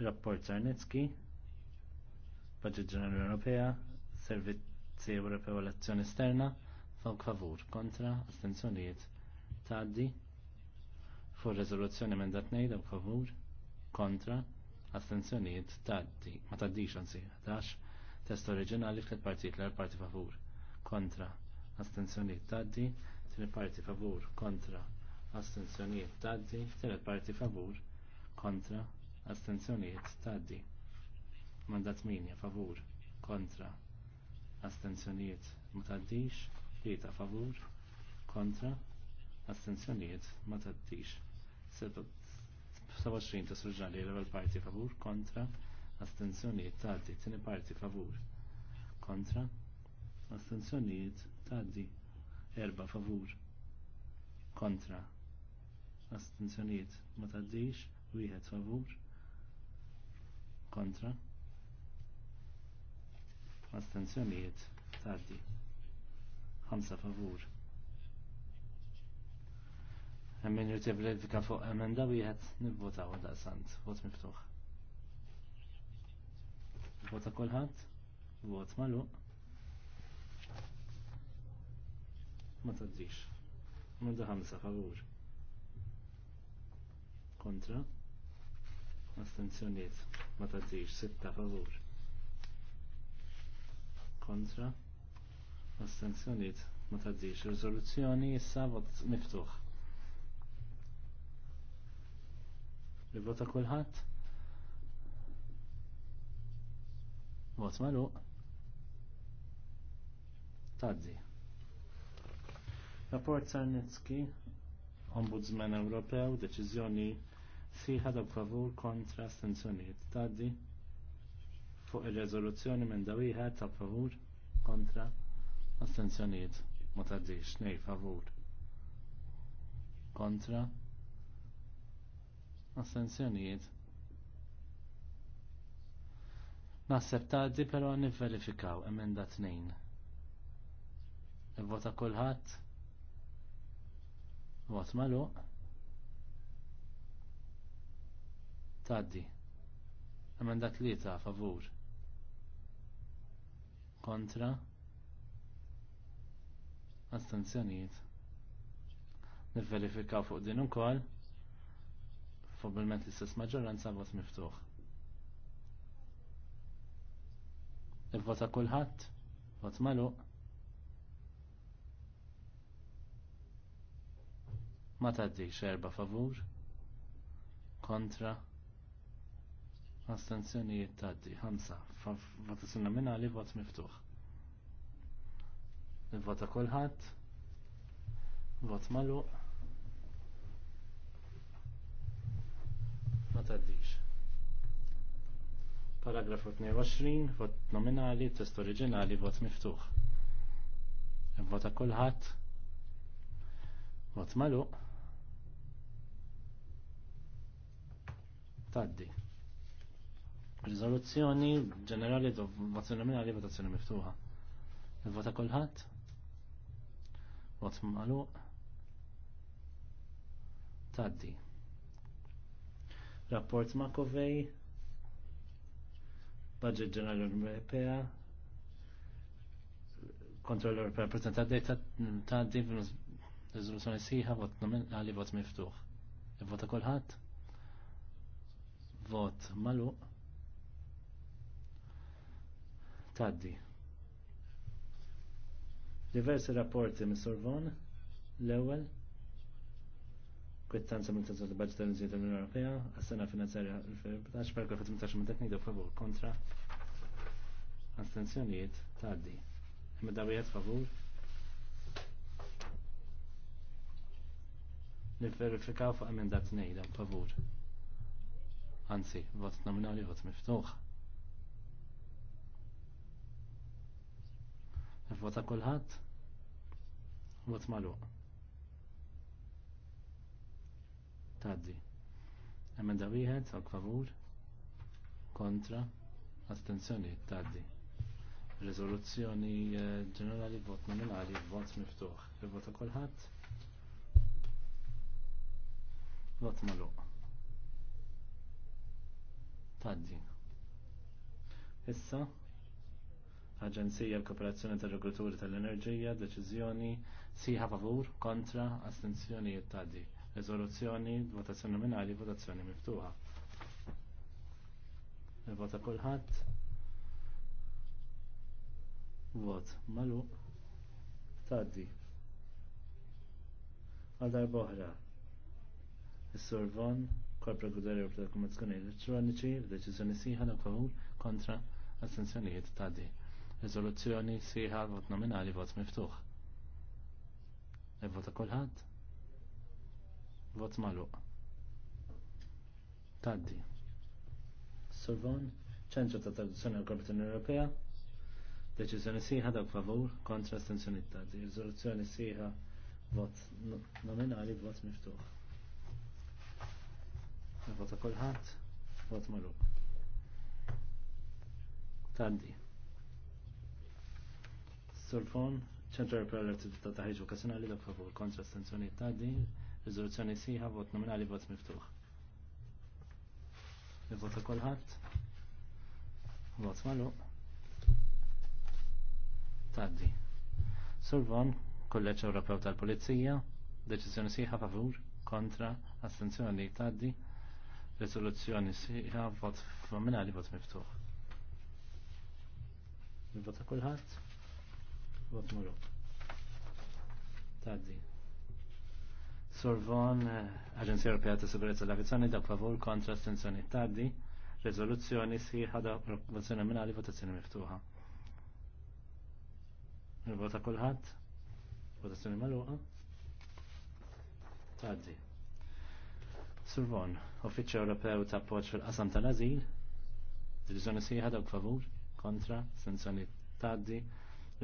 Rapport Czarnecki, Budget Ġenerali Ewropea, Servizzi Ewropew azzjoni Esterna, fawk favur, kontra, astenzjonijiet, Taddi. Fuq rezoluzzjoni mendat nejda favur, kontra, astenzjonijiet taddi, ma taddix anzi, 11 test oriġinali f'tliet partijiet l parti favur, kontra, astenzjonijiet taddi, tliet parti favur, kontra, astenzjonijiet taddi, tliet parti favur, kontra, astenzjonijiet taddi. Mandat minja favur, kontra, astenzjonijiet ma taddix, tlieta favur, kontra, astenzjonijiet ma taddix. 27 ta' surġali l parti favur kontra astenzjonijiet tgħaddi tieni parti favur kontra astenzjonijiet tgħaddi erba' favur kontra astenzjonijiet ma tgħaddix wieħed favur kontra astenzjonijiet tgħaddi ħamsa favur Emmin jirtib l-edvika fuq emenda wieħed nivvota u daqsant, vot miftuħ. Vota kolħat, vot malu. Ma tadrix. Mundu ħamsa, favur. Kontra. Astenzjoniet. Ma tadrix, sitta, favur. Kontra. Astenzjoniet. Ma tadrix. Rizoluzzjoni issa vot miftuħ. Li vota kulħadd? Vot magħluq. Taddi. Rapport Sarnitski, Ombudsman Ewropew, deċiżjoni siħad u favur kontra astenzjoniet. Taddi fuq ir-reżoluzzjoni minn dawiħed ta' favur kontra astenzjoniet. Ma taddix, nej favur. Kontra Assenzjonijiet. Naħseb tgħaddi però nivverifikaw emenda tnejn. Il-vota kulħadd. Vot magħluq. Taddi. Emenda tlieta favur. Kontra. Astenzjonijiet. Nivverifikaw fuq din ukoll. Probabilment l-istess maġġoranza vot miftuħ. Il-vota kulħadd, vot magħluq. Ma tgħaddix erba' favur, kontra, astenzjonijiet tgħaddi, ħamsa, vota nominali, vot miftuħ. Il-vota kulħadd, vot magħluq. ma taddix. Paragrafu 22, vot nominali, test oriġinali, vot miftuħ. Vota kulħadd. Vot magħluq. Taddi. Riżoluzzjoni ġenerali votazzjoni nominali votazzjoni miftuħa. Il-vota kulħadd? Vot magħluq. Taddi rapport Makovej, Budget Ġenerali Ewropea, Kontroll Ewropea, Prezentat Dejta ta' din riżoluzzjoni Siħa vot nominali vot miftuħ. Vota kulħadd? Vot malu? Taddi. Diversi rapporti Mr. sorvon l-ewwel, kwittanza mill tazza l-Budget tal-Nizjiet tal-Unjoni Ewropea għas-sena finanzjarja 2014 paragraf 18 minn teknika favur kontra astenzjonijiet tgħaddi. Imma dawijiet favur Nifverifikaw fuq emendat nejda favur. Anzi, vot nominali vot miftuħ. Vot maluq. taddi. Emenda wieħed għal favur kontra astenzjoni taddi. Rezoluzzjoni eh, ġenerali vot nominali vot miftuħ. Il-vota kulħadd vot magħluq. Taddi. Issa Aġenzija l-Kooperazzjoni tal-Regolatori tal-Enerġija, deċiżjoni siħa favur kontra astenzjonijiet taddi. Rezoluzzjoni, votazzjoni nominali, votazzjoni miftuħa. Vota kulħadd. Vot magħluq. Taddi. Għal darba oħra. is survon Korpra Gudarja u Telekomunikazzjoni Elettroniċi, deċiżjoni sieħa na kontra assenzjonijiet taddi. Rezoluzzjoni siħa, vot nominali, vot miftuħ. E vota kulħadd. Vot maluq. Taddi. Survon, ċentru ta' traduzzjoni għal Korporazzjoni Ewropea. Deċiżjoni siħa dak favur kontra astensjoni taddi. Rizoluzzjoni siħa vot nominali vot miftuħ. Vota kulħadd, vot maluq. Taddi. Sulfon, ċentru Ewropea l-attività ta' ħiġu kasinali dak favur kontra astensjoni taddi. Rizoluzzjoni siħa, vot nominali, vot miftuħ. il ta' kolħat. Vot malu. Taddi. Survon, kolleċ Ewropew tal-Polizija, deċizjoni siħa favur, kontra, astenzjoni taddi. Rizoluzzjoni siħa, vot nominali, vot miftuħ. Il-vota kolħat. Vot malu. Taddi. Sorvon, Aġenzija Europea ta' Sigurezza l-Avizzjoni dak favur kontra astenzjoni tardi, rezoluzzjoni sħiħa da' votazzjoni nominali votazzjoni miftuħa. Il-vota kulħadd, votazzjoni magħluqa. Tardi. Survon, Uffiċċju Ewropew ta' appoġġ fil-qasam tal-Ażil, Diviżjoni sieħa dawk favur, kontra, sanzjoni taddi,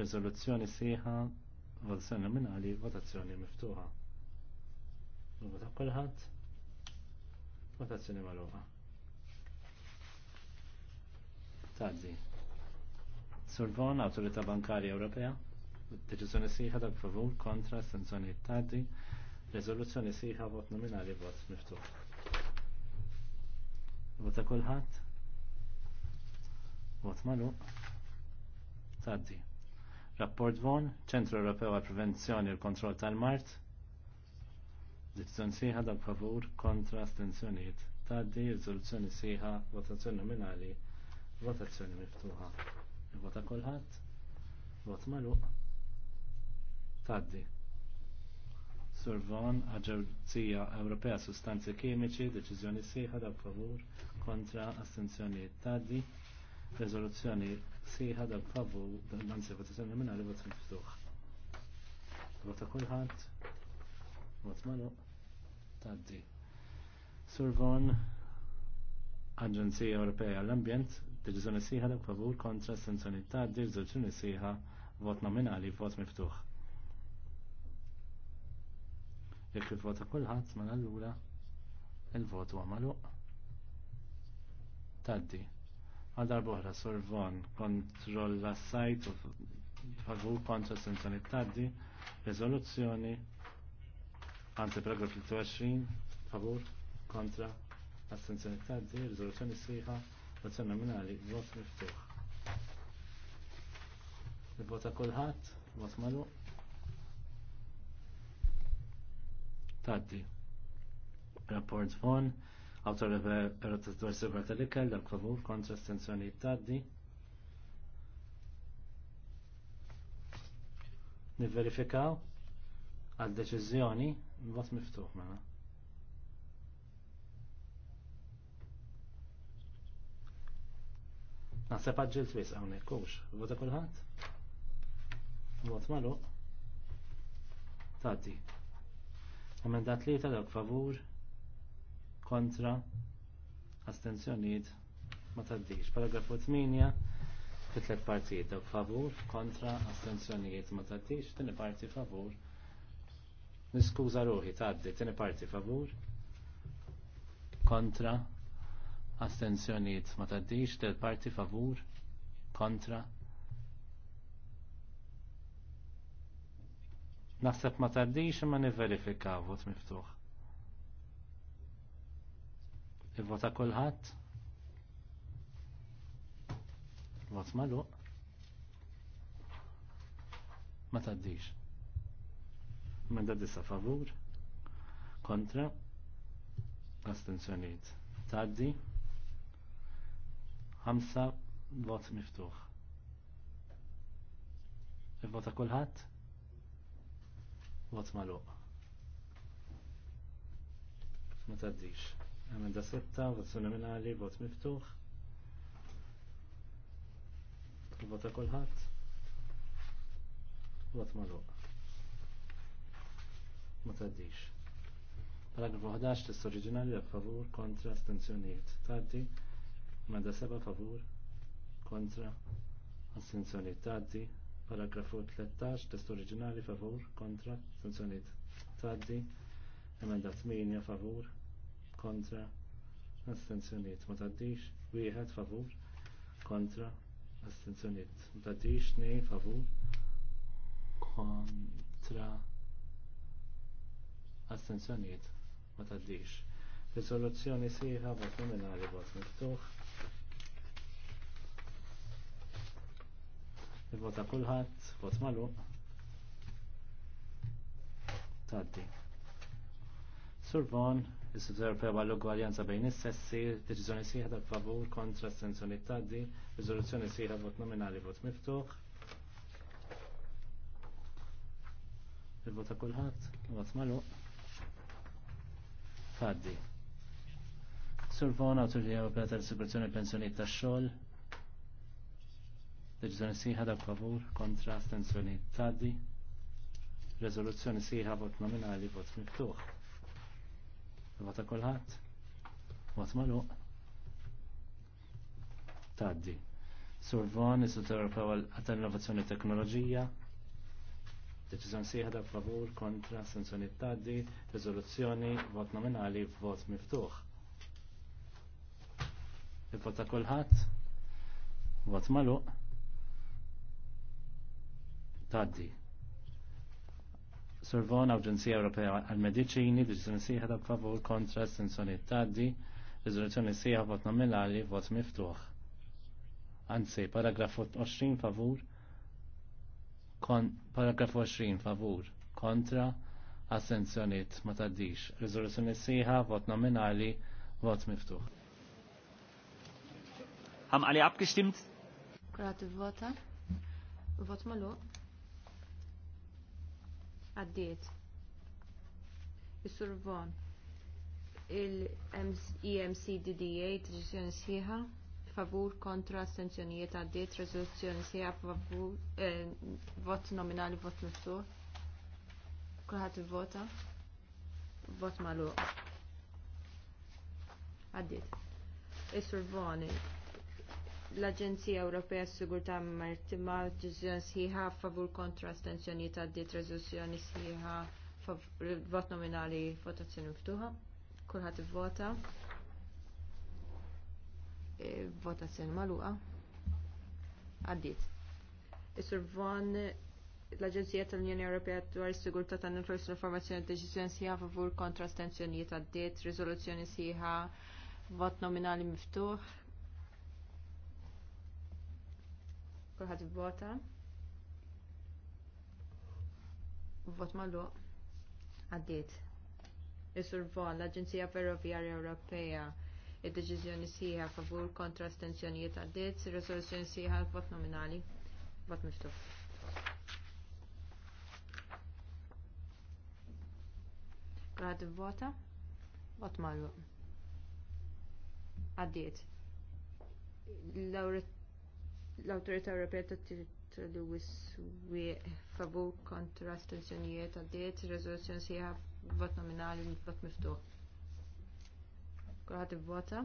rezoluzzjoni sieħa, votazzjoni nominali, votazzjoni miftuħa. Numru ta' kulħadd. Votazzjoni magħluqa. Tazzi. Survon, Awtorità Bankarja Ewropea. Deċiżjoni sieħa ta' favur kontra sanzjonijiet tgħaddi. Rezoluzzjoni sieħa vot nominali vot miftuħ. Vota kulħadd. Vot magħluq. Tazzi. Rapport Von, Centro Europeo għal Prevenzjoni u Kontroll tal-Mart, Dizzjon siħa da favur kontra astenzjoniet. Taddi rizoluzzjoni siħa votazzjoni nominali, votazzjoni miftuħa. Vota kolħat, vot maluq. Taddi. Survon, Aġerzija Ewropea Sustanzi Kimiċi, deċiżjoni sieħa da favur kontra astenzjonijiet taddi, rezoluzzjoni sieħa da favur, anzi votazzjoni nominali vota miftuħa. Vota kulħadd, vot maluq taddi. Survon Aġenzija Ewropea l-Ambjent, deċiżjoni sieħa dak favur kontra sanzjoni taddi, riżoluzzjoni sieħa vot nominali, vot miftuħ. Jekk il-vota kulħadd mela allura il-vot huwa magħluq. Taddi. Għal oħra Survon kontrolla sajt u favur kontra sanzjoni taddi, riżoluzzjoni Ante paragraf 23, favur, kontra, astenzjoni ta' di, rizoluzzjoni sħiħa, votazzjoni nominali, vot miftuħ. Il-vota kolħat, vot malu. Taddi. Rapport von, autor rotator sebar tal-ikel, dak favur, kontra, astenzjoni taddi. Niverifikaw. verifikaw għal deċiżjoni vot miftuħ mela. Naħseb għadġil twis hawnhekk kux, vota kulħadd? Vot malu? Tati. Emendat li ta' dawk favur, kontra, astenzjoniet, ma taddix. Paragrafu 8, fit tliet partijiet dawk favur, kontra, astenzjoniet, ma taddix, tini parti favur, Niskuża ruħi tgħaddi tieni parti favur. Kontra. Astenzjonijiet ma tgħaddix del parti favur. Kontra. Naħseb ma tgħaddix imma nivverifikaw vot miftuħ. Ivvota kulħadd. Vot magħluq. Ma tgħaddix. Menda disa favur. Kontra. Astenzjoniet. Taddi. Hamsa vot miftuħ. vota kulħadd? Vot magħluq. Ma taddix. Emenda setta, vot nominali, vot miftuħ. vota kulħadd? Vot magħluq ma taddix. Paragrafu 11 test oriġinali dak favur kontra astenzjonijiet. Taddi, emenda seba' favur kontra astenzjonijiet. Taddi, paragrafu 13 test oriġinali favur kontra astenzjonijiet. Taddi, emenda 8 favur kontra astenzjonijiet. Ma taddix, wieħed favur kontra astenzjonijiet. Ma taddix, nej favur kontra Astensjonijiet ma taddix. Riżoluzzjoni sieħa vot nominali vot miftuħ. Il-vota kulħadd, vot magħluq. Taddi. Survon, is-sitterfewa l-ugwaljanza bejn is-sessi, deċiżjoni sieħa ta' favur kontra astenzjoni taddi, riżoluzzjoni sieħa vot nominali vot miftuħ. Il-vota kulħadd, vot magħluq. Faddi. Survona Awtorija Ewropea tal-Sigurazzjoni Pensjoniet tax-xogħol. Deċiżjoni sieħa dak favur kontra astensjonijiet taddi. Rezoluzzjoni sieħa vot nominali vot miftuħ. Vota kulħadd. Vot magħluq. Tgħaddi. Survon, Istitut Ewropew għall-Innovazzjoni e Teknoloġija, Deċiżjoni sieħda favur kontra sanzjoni taddi, riżoluzzjoni, vot nominali, vot miftuħ. Il-vot ta' kulħadd, vot magħluq, taddi. Survon Aġenzija Ewropea għal-Mediċini, deċiżjoni sieħda favur kontra sanzjoni tgħaddi, riżoluzzjoni sieħda vot nominali, vot miftuħ. Anzi, paragrafu 20 favur Kon 20 favur kontra assenzjoniet ma taddix. Riżoluzzjoni sħiħa, vot nominali vot miftuħ. Ham għali abgestimmt? Kurati vota. Vot malu. Għaddiet. Is-survon. Il-EMCDDA, deċizjoni sħiħa? favur kontra astenzjonijiet għaddiet rezoluzzjoni sija favur eh, vot nominali vot miftuħ kulħadd ivvota vot magħluq għaddiet is Voni l-Aġenzija Ewropea s-Sigurtà Marittima deċiżjoni sħiħa favur kontra astenzjonijiet għaddiet rezoluzzjoni sħiħa vot nominali votazzjoni miftuħa kulħadd ivvota Votazzjoni maluqa. Għaddiet. Is-Sur l-Aġenzija tal-Unjoni Ewropea dwar is-sigurtà tan-nifers l-informazzjoni deċiżjoni sieħa favur kontra stenzjonijiet għaddiet, riżoluzzjoni sieħa, vot nominali miftuħ. Kulħadd vota. Vot magħluq. Għaddiet. Is-Sur Von, l-Aġenzija Ferrovjarja Ewropea id-deċiżjoni sieħa favur kontra astenzjonijiet għaddiet, ir-riżoluzzjoni sieħa vot nominali, vot miftuħ. Rad vota, vot marru. Għaddiet. L-Autorità Ewropea tat-Titlu li wiswi favur kontra astenzjonijiet għaddiet, ir-riżoluzzjoni sieħa vot nominali, vot miftuħ. Kulħadd ivvota.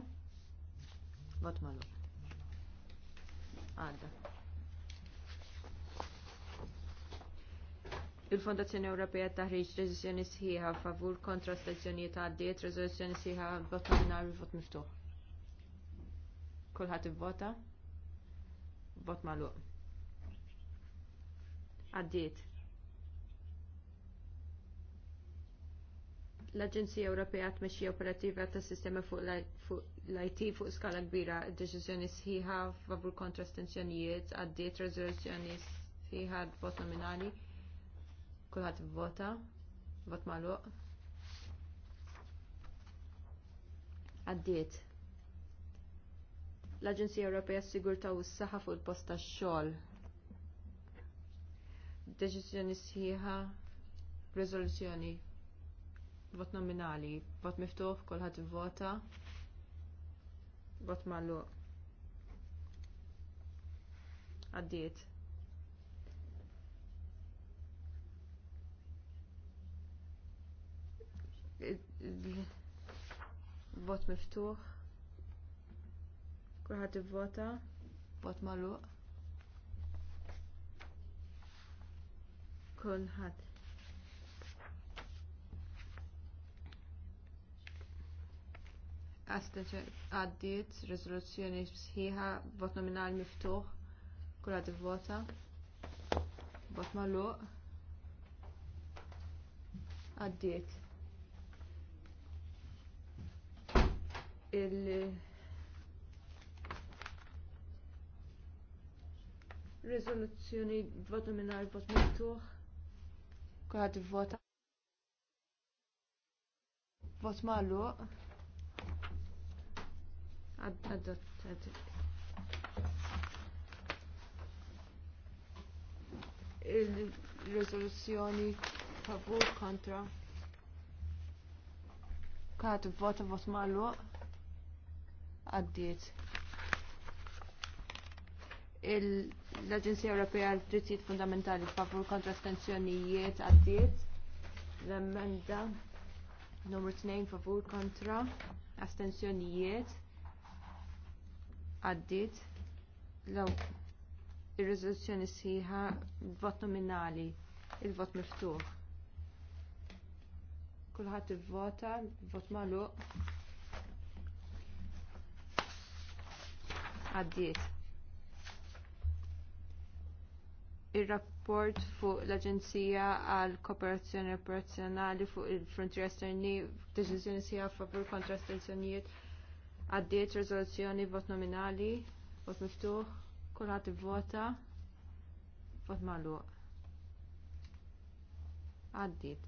Vot magħluq. Għadda. Il-Fondazzjoni Ewropea taħriġ reżizzjoni sħiħa favur kontra stazzjonijiet għaddiet, reżizzjoni sħiħa vot nominali vot miftuħ. Kulħadd ivvota. Vot magħluq. Għaddiet. l-Aġenzija Ewropea tmexxi operattiva tas sistema fuq l-IT fuq skala kbira, deċiżjoni sħiħa favur kontra stenzjonijiet, għaddiet rezoluzzjoni sħiħa vot nominali, kulħadd vota, vot magħluq. Għaddiet. L-Aġenzija Ewropea s-Sigurtà u s-Saħħa fuq il-post tax-xogħol. Deċiżjoni sħiħa, rezoluzzjoni vot nominali, vot miftuħ, kolħat vota, vot mallu. Għaddiet. Vot miftuħ, kolħat vota, vot mallu. Kolħat Asteċe għaddiet, rezoluzzjoni sħiħa, vot nominali miftuħ, kulla vota vot magħluq. Għaddiet. Il- Rezoluzzjoni vot nominali vot miftuħ, kulla vota vot magħluq adottat. Il-rezoluzzjoni favur kontra kat vot vot mallu għaddiet. L-Aġenzija Ewropea għal drittijiet fundamentali favur kontra stenzjonijiet għaddiet. L-emenda numru 2 favur kontra astenzjonijiet għaddit law ir-riżoluzzjoni sħiħa vot nominali, il-vot miftuħ. Kulħadd ivvota, vot magħluq. Għaddiet. Ir-rapport fuq l-Aġenzija għal Kooperazzjoni Operazzjonali fuq il-Frontier Esterni, deċiżjoni sħiħa favur kontra stazzjonijiet Għaddiet rezoluzzjoni vot nominali, vot miftuħ, kulħadd ivvota, vot magħluq. Għaddiet.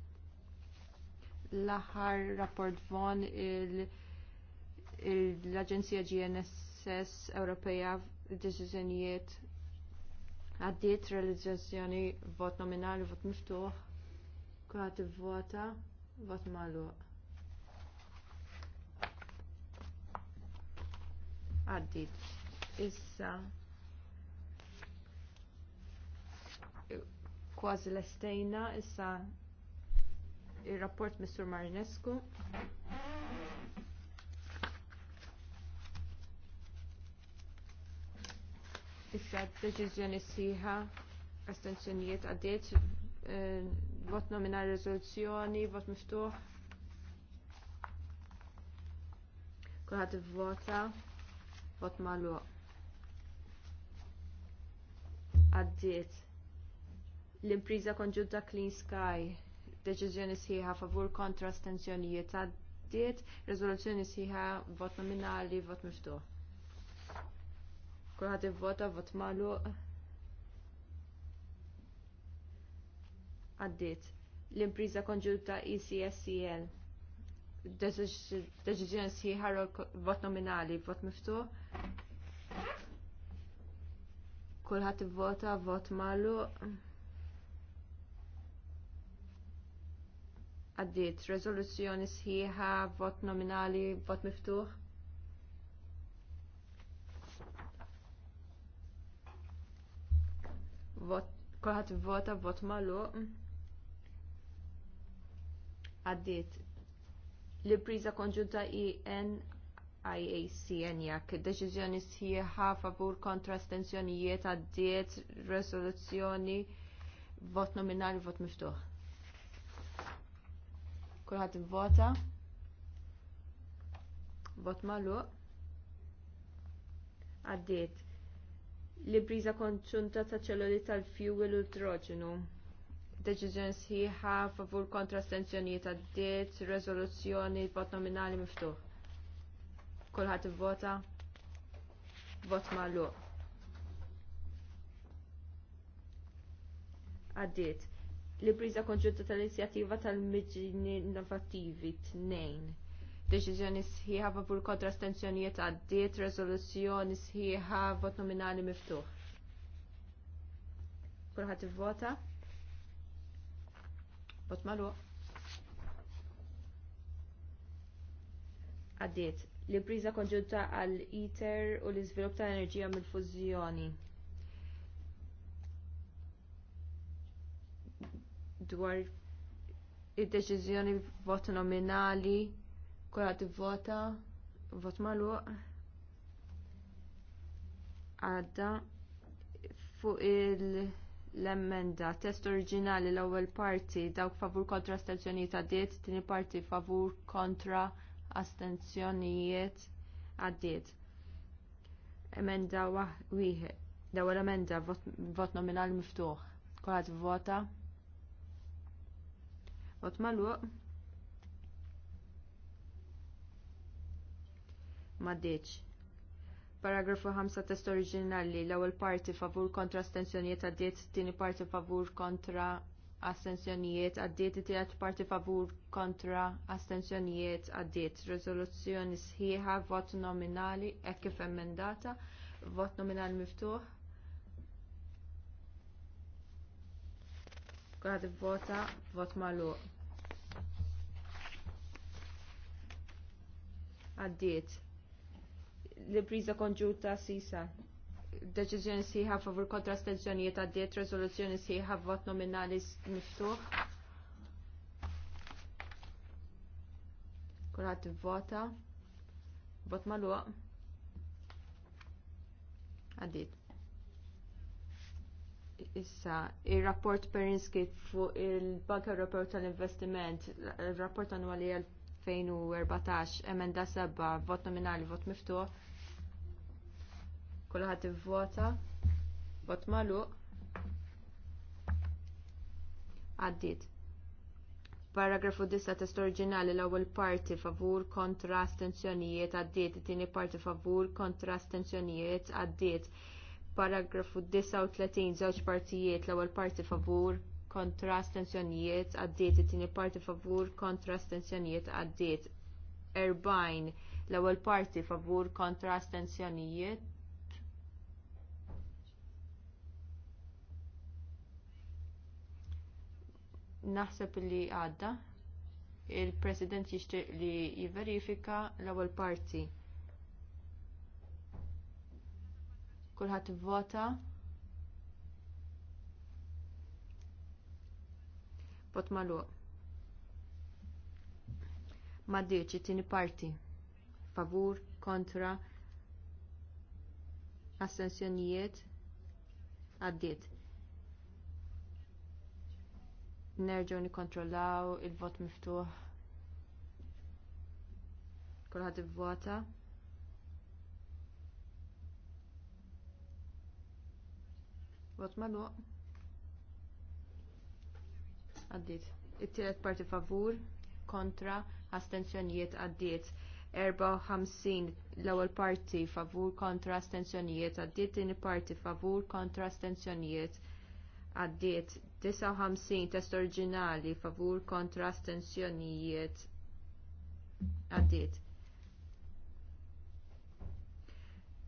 L-aħħar rapport von l-Aġenzija GNSS Ewropea deċiżjonijiet għaddiet realizzazzjoni vot nominali, vot miftuħ, kulħadd ivvota, vot magħluq. għaddit. Issa kważi l-estejna, issa il-rapport Mr. Marinescu. Issa deċiżjoni siħa, astenzjonijiet għaddiet, eh, vot nominal rezoluzzjoni, vot miftuħ. Kulħadd ivvota. vota vot malu għaddiet l-impriża konġudda Clean Sky deċiżjoni sħiħa favur kontra stenzjonijiet għaddiet riżoluzzjoni sħiħa vot nominali vot miftuħ kulħadd ivvota vot magħluq għaddiet l-impriża konġudda ECSCL deċiżjoni sħiħar vot nominali, vot miftuħ. Kulħadd ivvota vot magħluq. Għaddiet, rezoluzzjoni sħiħa, vot nominali, vot miftuħ. Vot, kulħadd ivvota vot magħluq. Għaddit, li priża konġunta e INIAC enjak deċiżjoni sħiħa favur kontra stenzjonijiet għaddiet resoluzzjoni vot nominali vot miftuħ. Kulħadd ivvota. Vot magħluq. Għaddiet. Li priża konġunta ta' ċelluli tal-fjuwil u l-idroġenu deċiżjoni sħiħa favur kontra astenzjonijiet għaddiet, rezoluzzjoni vot nominali miftuħ. Kulħadd ivvota. Vot magħluq. li priża konġunta tal-inizjattiva tal-miġini innovattivi tnejn. Deċiżjoni sħiħa favur kontra astenzjonijiet għaddiet, rezoluzzjoni sħiħa vot nominali miftuħ. Kulħadd ivvota. Bot malu. Għaddiet. Li priza konġunta għal iter u l svilup ta' enerġija mill-fużjoni. Dwar id-deċiżjoni vot nominali, kull vota, vot malu għadda fuq il- l-emenda, test oriġinali l-ewwel parti dawk favur kontra astenzjonijiet għaddiet, tieni parti favur kontra astenzjonijiet għaddiet. Emenda wieħed, l-ewwel emenda vot, vot nominali miftuħ. Kulħadd vota. Vot magħluq. Ma Paragrafu 5 test oriġinali l-ewwel parti favur kontra astensjonijiet għaddiet, tieni parti favur kontra astensjonijiet għaddiet, tielet parti favur kontra astensjonijiet għaddiet. Riżoluzzjoni sħiħa vot nominali hekk kif emendata, vot nominali miftuħ. Għad vota, vot magħluq. Għaddiet l-priza konġuta sisa. Deċiżjoni siħa favur kontra stenzjonijiet għaddiet, rezoluzzjoni siħa vot nominali miftuħ. Kulħadd vota. Vot maluq. Għaddiet. Issa, ir rapport Perinski fuq il-Bank Europeo tal-Investiment, il-rapport annuali għal 2014 emenda seba vot nominali vot miftuħ kulħadd ivvota vot magħluq għaddit Paragrafu 9 test oriġinali l-ewwel parti favur kontra astenzjonijiet għaddiet, it-tieni parti favur kontra astenzjonijiet għaddiet. Paragrafu 39 żewġ partijiet l-ewwel parti favur kontra astensjonijiet għaddiet it-tieni parti favur kontra astensjonijiet għaddiet Erbajn l-ewwel parti favur kontra astensjonijiet naħseb li għadda il-President jixtieq li jiverifika l-ewwel parti. Kulħadd ivvota. Vot malu. Ma it-tieni parti. Favur, kontra, astensjonijiet, għaddiet. Nerġgħu nikkontrollaw il-vot miftuħ. Kulħadd vota Vot malu għaddiet. It-tielet parti favur kontra astenzjonijiet għaddiet. 54 l-ewwel parti favur kontra astenzjonijiet għaddiet, tieni parti favur kontra astenzjonijiet għaddiet. 59 test oriġinali favur kontra astenzjonijiet għaddiet.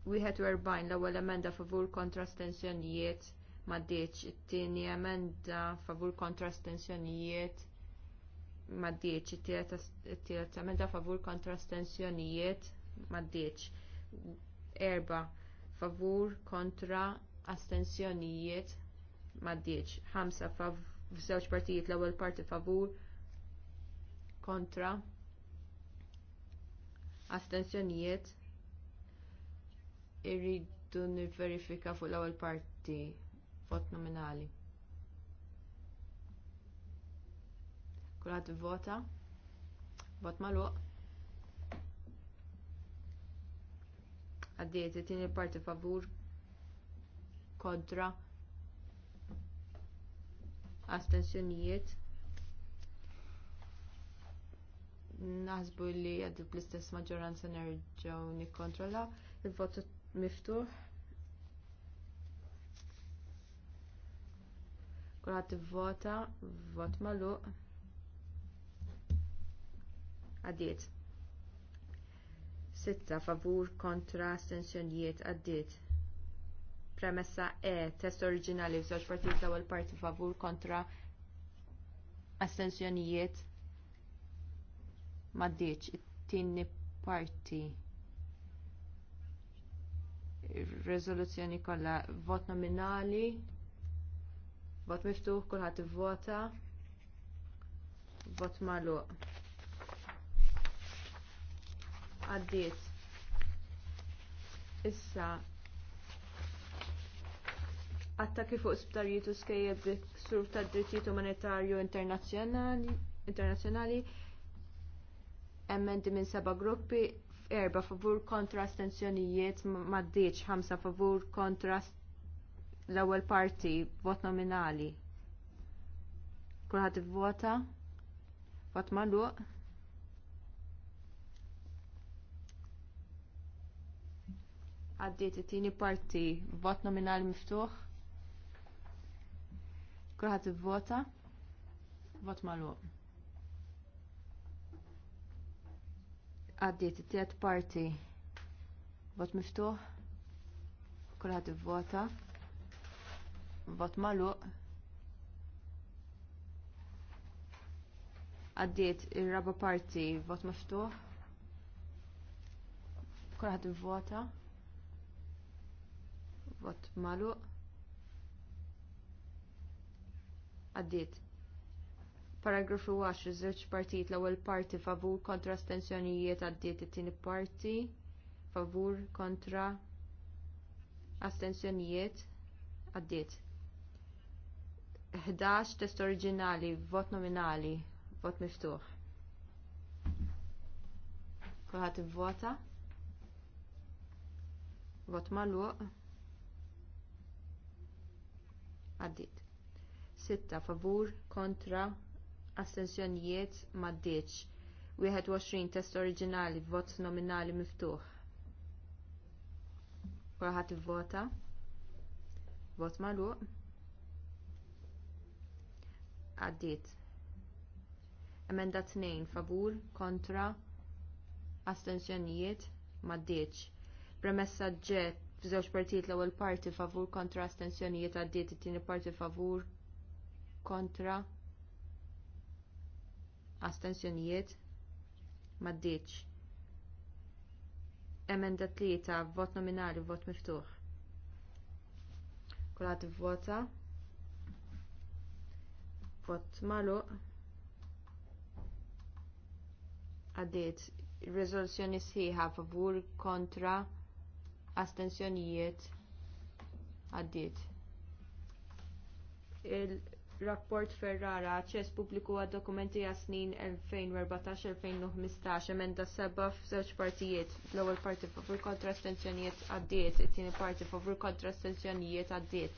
41 l-ewwel emenda favur kontra astenzjonijiet maddiċ it-tieni emenda favur kontra stensjonijiet maddiċ it-tielet emenda favur kontra stensjonijiet maddiċ erba favur kontra astensjonijiet maddiċ ħamsa f'żewġ partijiet l-ewwel parti favur kontra astensjonijiet irridu nivverifika fuq l-ewwel parti vot nominali. Kulat vota, vot maluq. Għaddiet, it-tieni parti favur, kontra, astensjonijiet. Naħsbu li għaddu bl-istess maġġoranza nerġgħu nikkontrolla il-vot miftuħ. Kulħadd vota vot magħluq. Għaddiet. Sitta favur kontra astensjonijiet għaddiet. Premessa E, test oriġinali f'żewġ partijiet l-ewwel parti favur kontra astensjonijiet m'għaddiex it-tieni parti ir-riżoluzzjoni kollha vot nominali Vot miftuħ, kulħadd ivvota. Vot magħluq. Għaddiet. Issa attakki fuq sptarijiet u skejjed sur tad drittijiet umanitarju internazzjonali emmendi minn seba' gruppi erba' favur kontra astensjonijiet maddiċ ħamsa favur kontra l-ewwel parti vot nominali. Kulħadd ivvota vot magħluq. Għaddiet it-tieni parti vot nominali miftuħ. Kulħadd ivvota vot magħluq. Għaddiet it-tiet parti vot miftuħ. Kulħadd ivvota. Vot magħluq. Għaddiet ir-raba parti vot miftuħ. Kulħadd ivvota. Vot magħluq. Għaddiet. Paragrafu 10, żewġ partijiet l-ewwel parti favur kontra astensjonijiet għaddiet it-tieni parti favur kontra astensjonijiet għaddiet. 11 test oriġinali, vot nominali, vot miftuħ. Kulħadd vota Vot magħluq. Għaddit. Sitta favur kontra astensjonijiet maddiċ. 21 test oriġinali, vot nominali miftuħ. Kulħadd vota Vot magħluq għaddiet. Emenda 2 favur kontra astensjonijiet maddiċ. Premessa ġe f'żewġ partijiet l-ewwel parti favur kontra astensjonijiet għaddiet it-tieni parti favur kontra astensjonijiet maddiċ. Emenda 3 vot nominali vot miftuħ. Kulħadd ivvota vot magħluq għaddiet riżoluzzjoni sħiħa favur kontra astensjonijiet għaddiet il-rapport Ferrara ċes pubbliku għad dokumenti għas 2014-2015 emenda seba f'żewġ partijiet l-ewwel parti favur kontra astensjonijiet għaddiet it-tieni parti favur kontra astensjonijiet għaddiet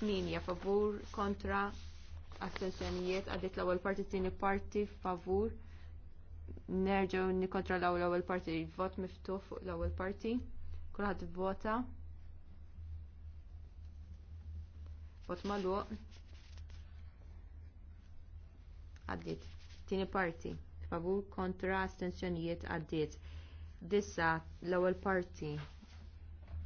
8 favur kontra astensjonijiet għaddit l-ewwel parti tieni parti favur nerġgħu kontra l-ewwel parti vot miftuħ fuq l-ewwel parti kulħadd vota vot magħluq għaddiet tieni parti favur kontra astensjonijiet għaddit dissa l-ewwel parti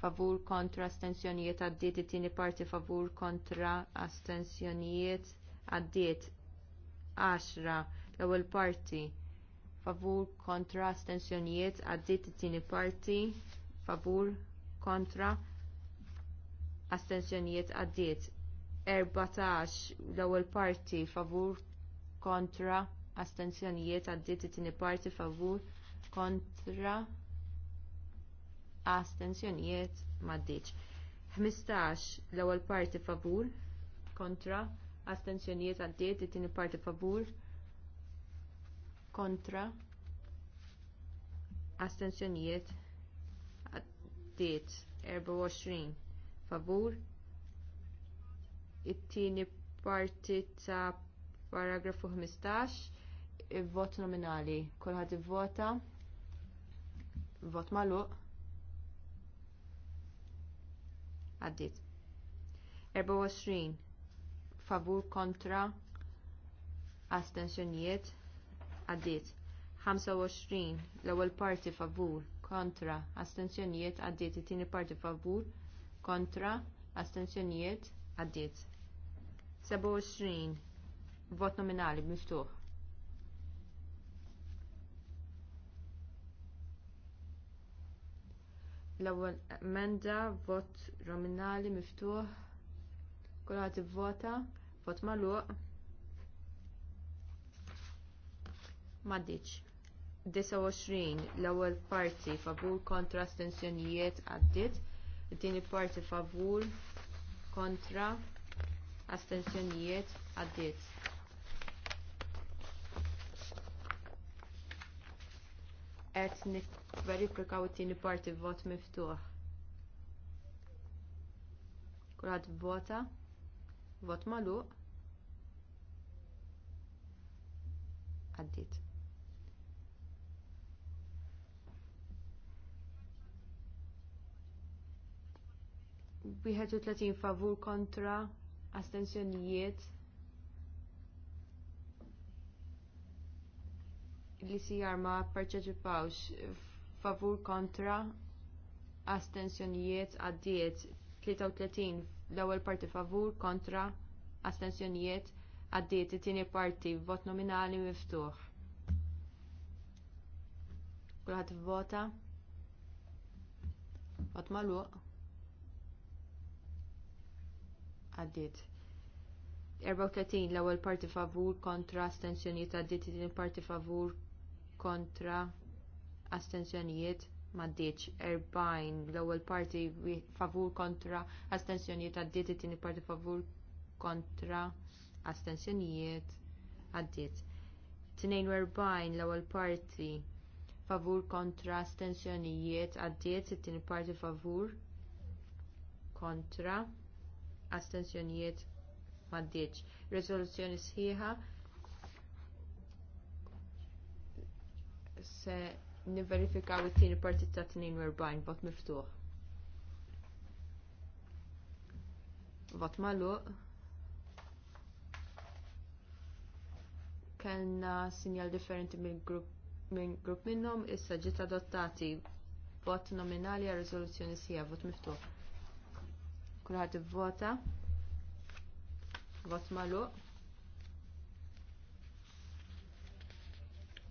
favur kontra astensjonijiet għaddiet it-tieni parti favur kontra astensjonijiet għaddiet 10 l-ewwel parti favur kontra astensjonijiet għaddiet it-tieni parti favur kontra astensjonijiet għaddiet 14 l-ewwel parti favur kontra astensjonijiet għaddiet it-tieni parti favur kontra astenzjonijiet maddiċ. 15 l-ewwel parti favur kontra astenzjonijiet għaddiet it-tieni parti favur kontra astenzjonijiet għaddiet 24 favur it-tieni parti ta' paragrafu 15 il-vot nominali kulħadd ivvota vot magħluq għaddit. 24 favur kontra astensjonijiet għaddit. 25 l-ewwel parti favur kontra astensjonijiet għaddiet it-tieni parti favur kontra astensjonijiet għaddiet. 27 vot nominali miftuħ. L-ewwel emenda vot nominali miftuħ. Kulħadd ivvota, vot magħluq. M'għaddiċ. 29 l-ewwel parti favur kontra astensjonijiet għaddiet, it-tieni parti favur kontra astensjonijiet għaddiet. qed nivverifikaw it-tieni parti vot miftuħ. Kulħadd vota, vot magħluq. Għaddiet. Wieħed u favur kontra astensjonijiet li sijar ma parċeċipawx favur kontra astensjonijiet għaddiet 33 l-ewwel parti favur kontra astensjonijiet għaddiet it-tieni parti vot nominali miftuħ. Kulħadd vota. Vot magħluq. Għaddiet. 34 l-ewwel parti favur kontra astensjonijiet għaddiet it-tieni parti favur kontra astensjonijiet maddiċ 40 l-ewwel parti favur kontra astensjonijiet għaddiet it-tieni parti favur kontra astensjonijiet għaddiet 42 l-ewwel parti favur kontra astensjonijiet għaddiet it-tieni parti favur kontra astensjonijiet maddiċ. Rezoluzzjoni sħiħa se niverifikaw it-tieni parti ta' 42 vot miftuħ. Vot magħluq. Kellna sinjal differenti minn grupp minn grupp minnhom issa ġiet adottati vot nominali għal riżoluzzjoni sija vot miftuħ. Kulħadd ivvota. Vot magħluq.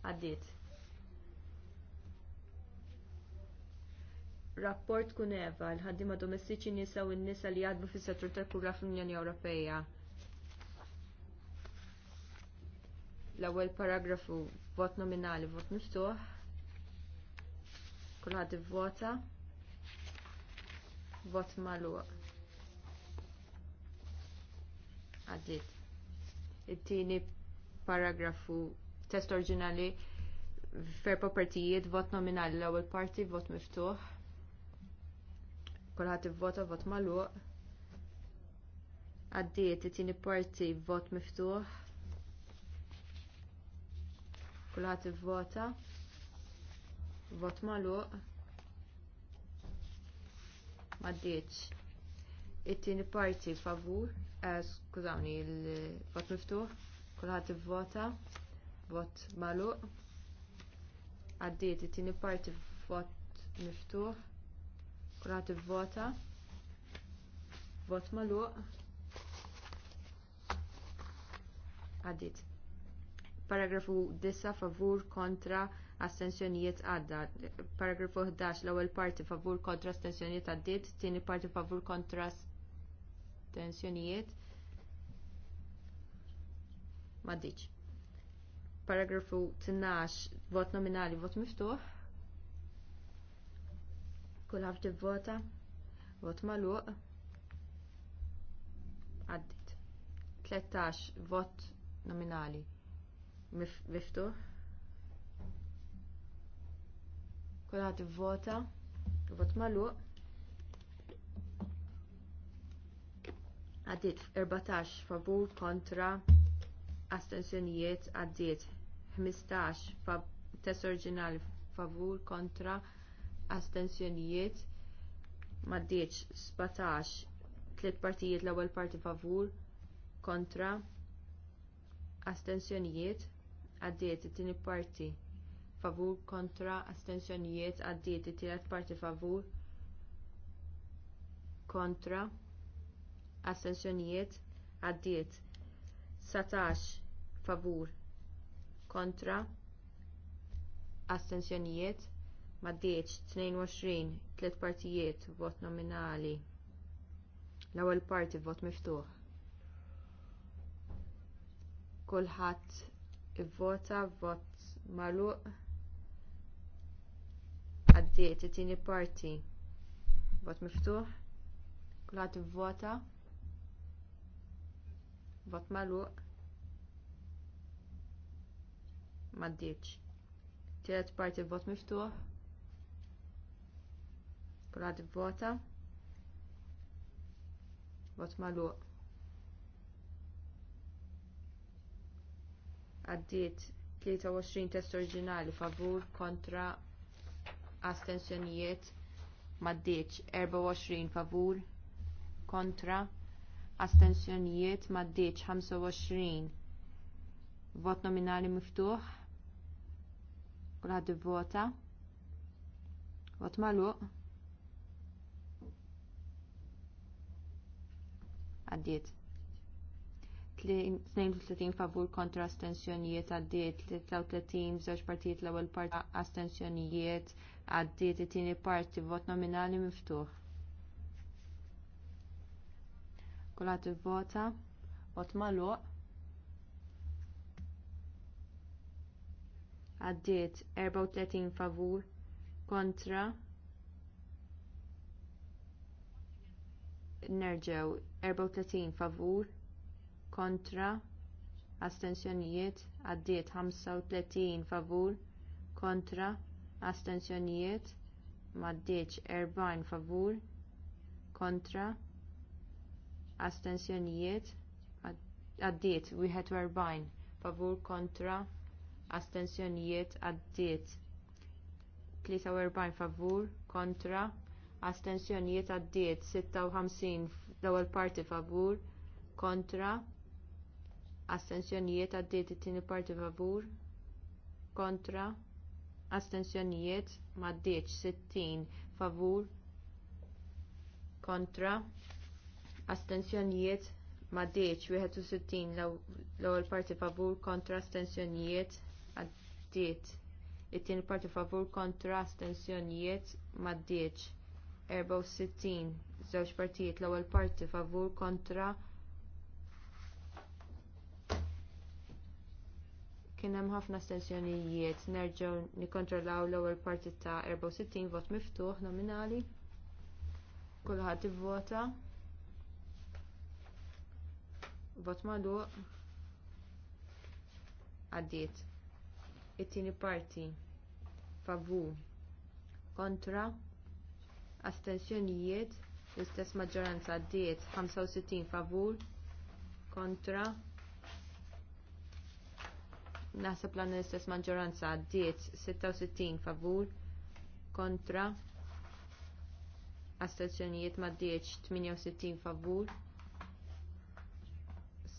Għaddiet. Rapport Eva l-ħaddima domestiċi nisa u n-nisa li jadbu fis settur tal-kura fl-Unjoni Ewropea. L-ewwel paragrafu vot nominali, vot miftuħ. Kulħadd ivvota. Vot magħluq. Għaddit. It-tieni paragrafu test oriġinali fer propertijiet, vot nominali l-ewwel parti vot miftuħ kolħat ivvota vot magħluq. Għaddiet it-tieni parti vot miftuħ. Kulħadd ivvota. Vot magħluq. M'għaddiex. It-tieni parti favur, eh, skużawni, il-vot miftuħ. Kulħadd ivvota. Vot magħluq. Għaddiet it-tieni parti vot miftuħ Kurat vota Vot maluq. Għaddit. Paragrafu 9 favur kontra astensjonijiet għadda. Paragrafu 11 l-ewwel parti favur kontra astensjonijiet għaddit, tieni parti favur kontra astensjonijiet ma Paragrafu 12 vot nominali, vot miftuħ. Kulħaf vota vot magħluq. Għaddit. 13 vot nominali. Miftuħ. Kulħadd ivvota, vot magħluq. Għaddiet 14 favur kontra astensjonijiet għaddiet 15 test oriġinali favur kontra astensjonijiet maddiċ 17 tliet partijiet l-ewwel parti favur kontra astensjonijiet għaddiet it-tieni parti favur kontra astensjonijiet għaddiet it-tielet parti favur kontra astensjonijiet għaddiet satax favur kontra astensjonijiet Maddiċ 22, tliet partijiet, vot nominali. L-ewwel parti vot miftuħ. Kulħadd ivvota vot magħluq. Għaddiet it-tieni parti vot miftuħ. Kulħadd ivvota vot magħluq. Maddiċ. Tiet parti vot miftuħ. Kulħadd vota? Vot magħluq. Għaddiet 23 test oriġinali favur kontra astensjonijiet maddiċ 24 favur kontra astensjonijiet maddiċ 25 vot nominali miftuħ kulħadd vota. vot magħluq għaddiet. 32 favur kontra astensjonijiet għaddiet, 33 żewġ partijiet l-ewwel parti astensjonijiet għaddiet, it-tieni parti vot nominali miftuħ. il ivvota, vot magħluq. Għaddiet 34 favur kontra nerġew 34 favur kontra astensjonijiet għaddiet 35 favur kontra astensjonijiet m'għaddiex 40 favur kontra astensjonijiet għaddiet 41 favur kontra astensjonijiet għaddiet 43 favur kontra astensjonijiet għaddiet 56 l-ewwel parti favur kontra astensjonijiet għaddiet it-tieni parti favur kontra astensjonijiet m'għaddiex 60 favur kontra astensjonijiet m'għaddiex 61 l-ewwel parti favur kontra astensjonijiet għaddiet it-tieni parti favur kontra astensjonijiet m'għaddiex 64 żewġ partijiet l-ewwel parti favur kontra kien hemm ħafna astensjonijiet nerġgħu nikkontrollaw l-ewwel parti ta' 64 vot miftuħ nominali kulħadd ivvota vot magħluq għaddiet it-tieni parti favur kontra astensjonijiet l-istess maġġoranza għaddiet 65 favur kontra naħseb l l-istess maġġoranza għaddiet 66 favur kontra astensjonijiet maddiet 68 favur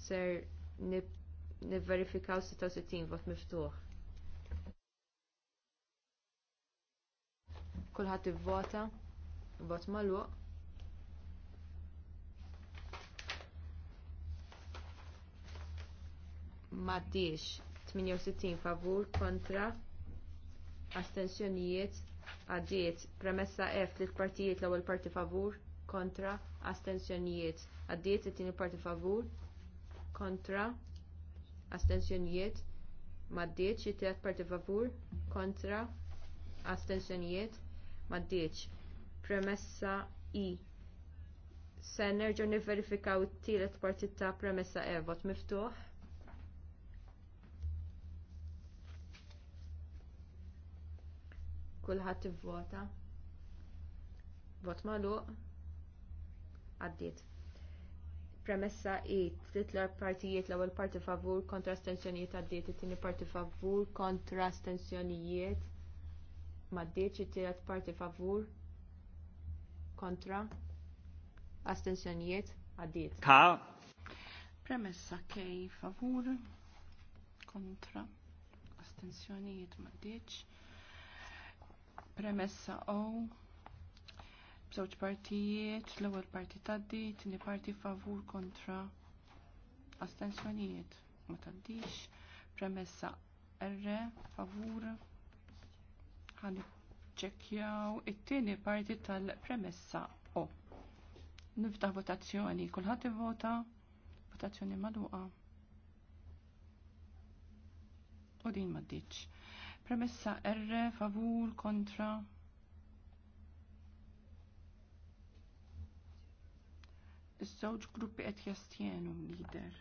ser nivverifikaw 66 vot miftuħ. Kulħadd ivvota. Vot magħluq, Maddiex 68 favur kontra astensjonijiet għaddiet premessa F tliet partijiet l-ewwel parti favur kontra astensjonijiet għaddiet it-tieni parti favur kontra astensjonijiet maddiex it parti favur kontra astensjonijiet maddiex premessa I. Se nerġgħu nivverifikaw it-tielet parti ta' premessa E vot miftuħ. Kulħadd ivvota. Vot magħluq. Għaddiet. Premessa I titlar partijiet l-ewwel parti favur kontra stensjonijiet għaddiet, it-tieni parti favur kontra stensjonijiet ma' it-tielet parti favur kontra astensjonijiet għaddiet. Ka. Premessa kej favur kontra astensjonijiet maddiċ. Premessa o bżewġ partijiet, l-ewwel parti taddi, tieni parti favur kontra astensjonijiet ma Premessa R favur ħanib niċċekkjaw it-tieni parti tal-premessa O. Niftaħ votazzjoni, kulħadd ivota, votazzjoni madwuqa. U din ma Premessa R, favur, kontra. Iż-żewġ gruppi qed jastjenu lider.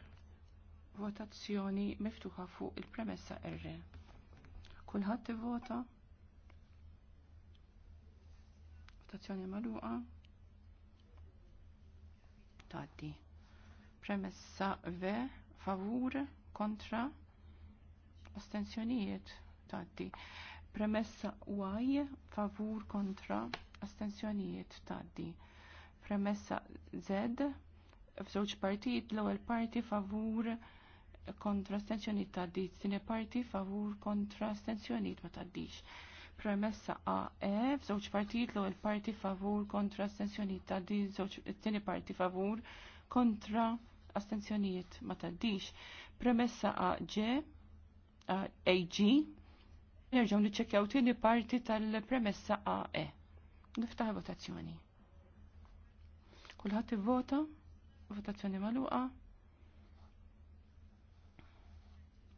Votazzjoni miftuħa fuq il-premessa R. Kulħadd ivota? stazzjoni maluqa Taddi. Premessa V favur kontra astensjonijiet taddi. Premessa Y favur kontra astensjonijiet taddi. Premessa Z f'żewġ partijiet l-ewwel parti favur kontra astensjonijiet taddi, t-tieni parti favur kontra astensjonijiet ma taddix premessa AE f'żewġ partijiet l-ewwel parti favur kontra astensjonijiet din żewġ it-tieni parti favur kontra astensjonijiet ma tgħaddix. Premessa AG AG nerġgħu niċċekkjaw tieni parti tal-premessa AE. Niftaħ votazzjoni. Kulħadd ivvota, votazzjoni magħluqa.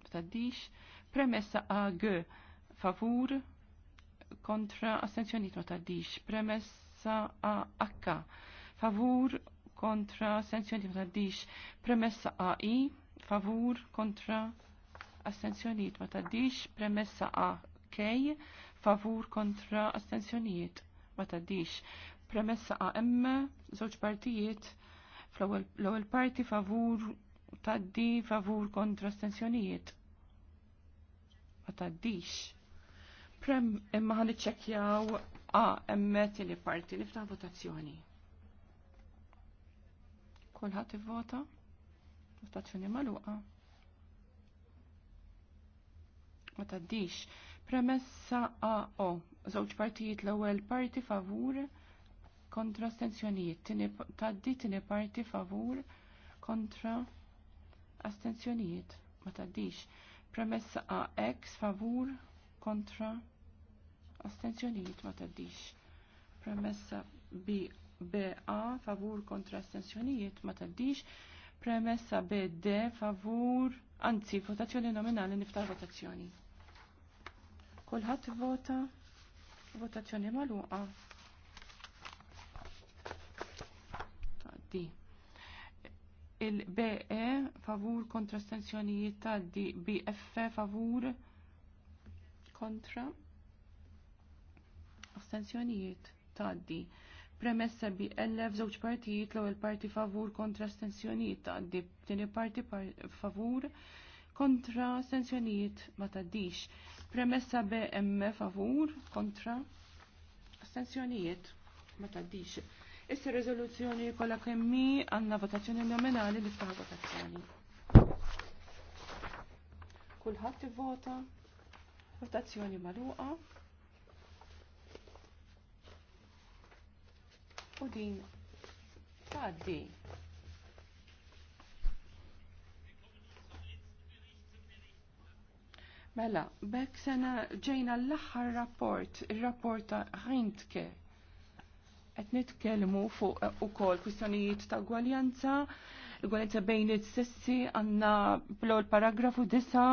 Tgħaddix. Premessa AG favur kontra astenzjoniet ma taddix. Premessa a akka. favur kontra astenzjoniet ma taddix. Premessa a i, favur kontra astenzjoniet ma taddix. Premessa a K, favur kontra astenzjoniet ma taddix. Premessa A-M, zoċ partijiet l-ewwel parti favur taddi favur kontra astenzjonijiet. Ma taddix Prem imma ħan iċċekjaw A emmet li parti nifta votazzjoni. Kulħadd ivvota? Votazzjoni magħluqa. Ma taddix. Premessa a o. Żewġ partijiet l-ewwel parti favur kontra astenzjonijiet. Taddi tieni parti favur kontra astenzjonijiet. Ma taddix premessa a X favur kontra astenzjonijiet ma tgħaddix. Premessa BA favur kontra astenzjonijiet ma taddix. Premessa BD favur, anzi, votazzjoni nominali niftar votazzjoni. Kulħadd vota, votazzjoni magħluqa. Taddi. Il-BE favur kontra astenzjonijiet taddi, BF e, favur kontra astensjonijiet tgħaddi. Premessa bi ellef żewġ partijiet l-ewwel parti favur kontra astensjonijiet tgħaddi, tieni parti favur kontra astensjonijiet ma tgħaddix. Premessa bi emme favur kontra astensjonijiet ma tgħaddix. Issa rezoluzzjoni kollha kemmi għandna votazzjoni nominali li ftaħ votazzjoni. Kulħadd ivvota, votazzjoni magħluqa. u din tgħaddi. Mela, bekk sena ġejna l-aħħar rapport, il-rapport ta' Rintke. Qed nitkellmu fuq ukoll kwistjonijiet ta' gwaljanza, gwaljanza bejn il sessi għandna bl ewwel paragrafu disa'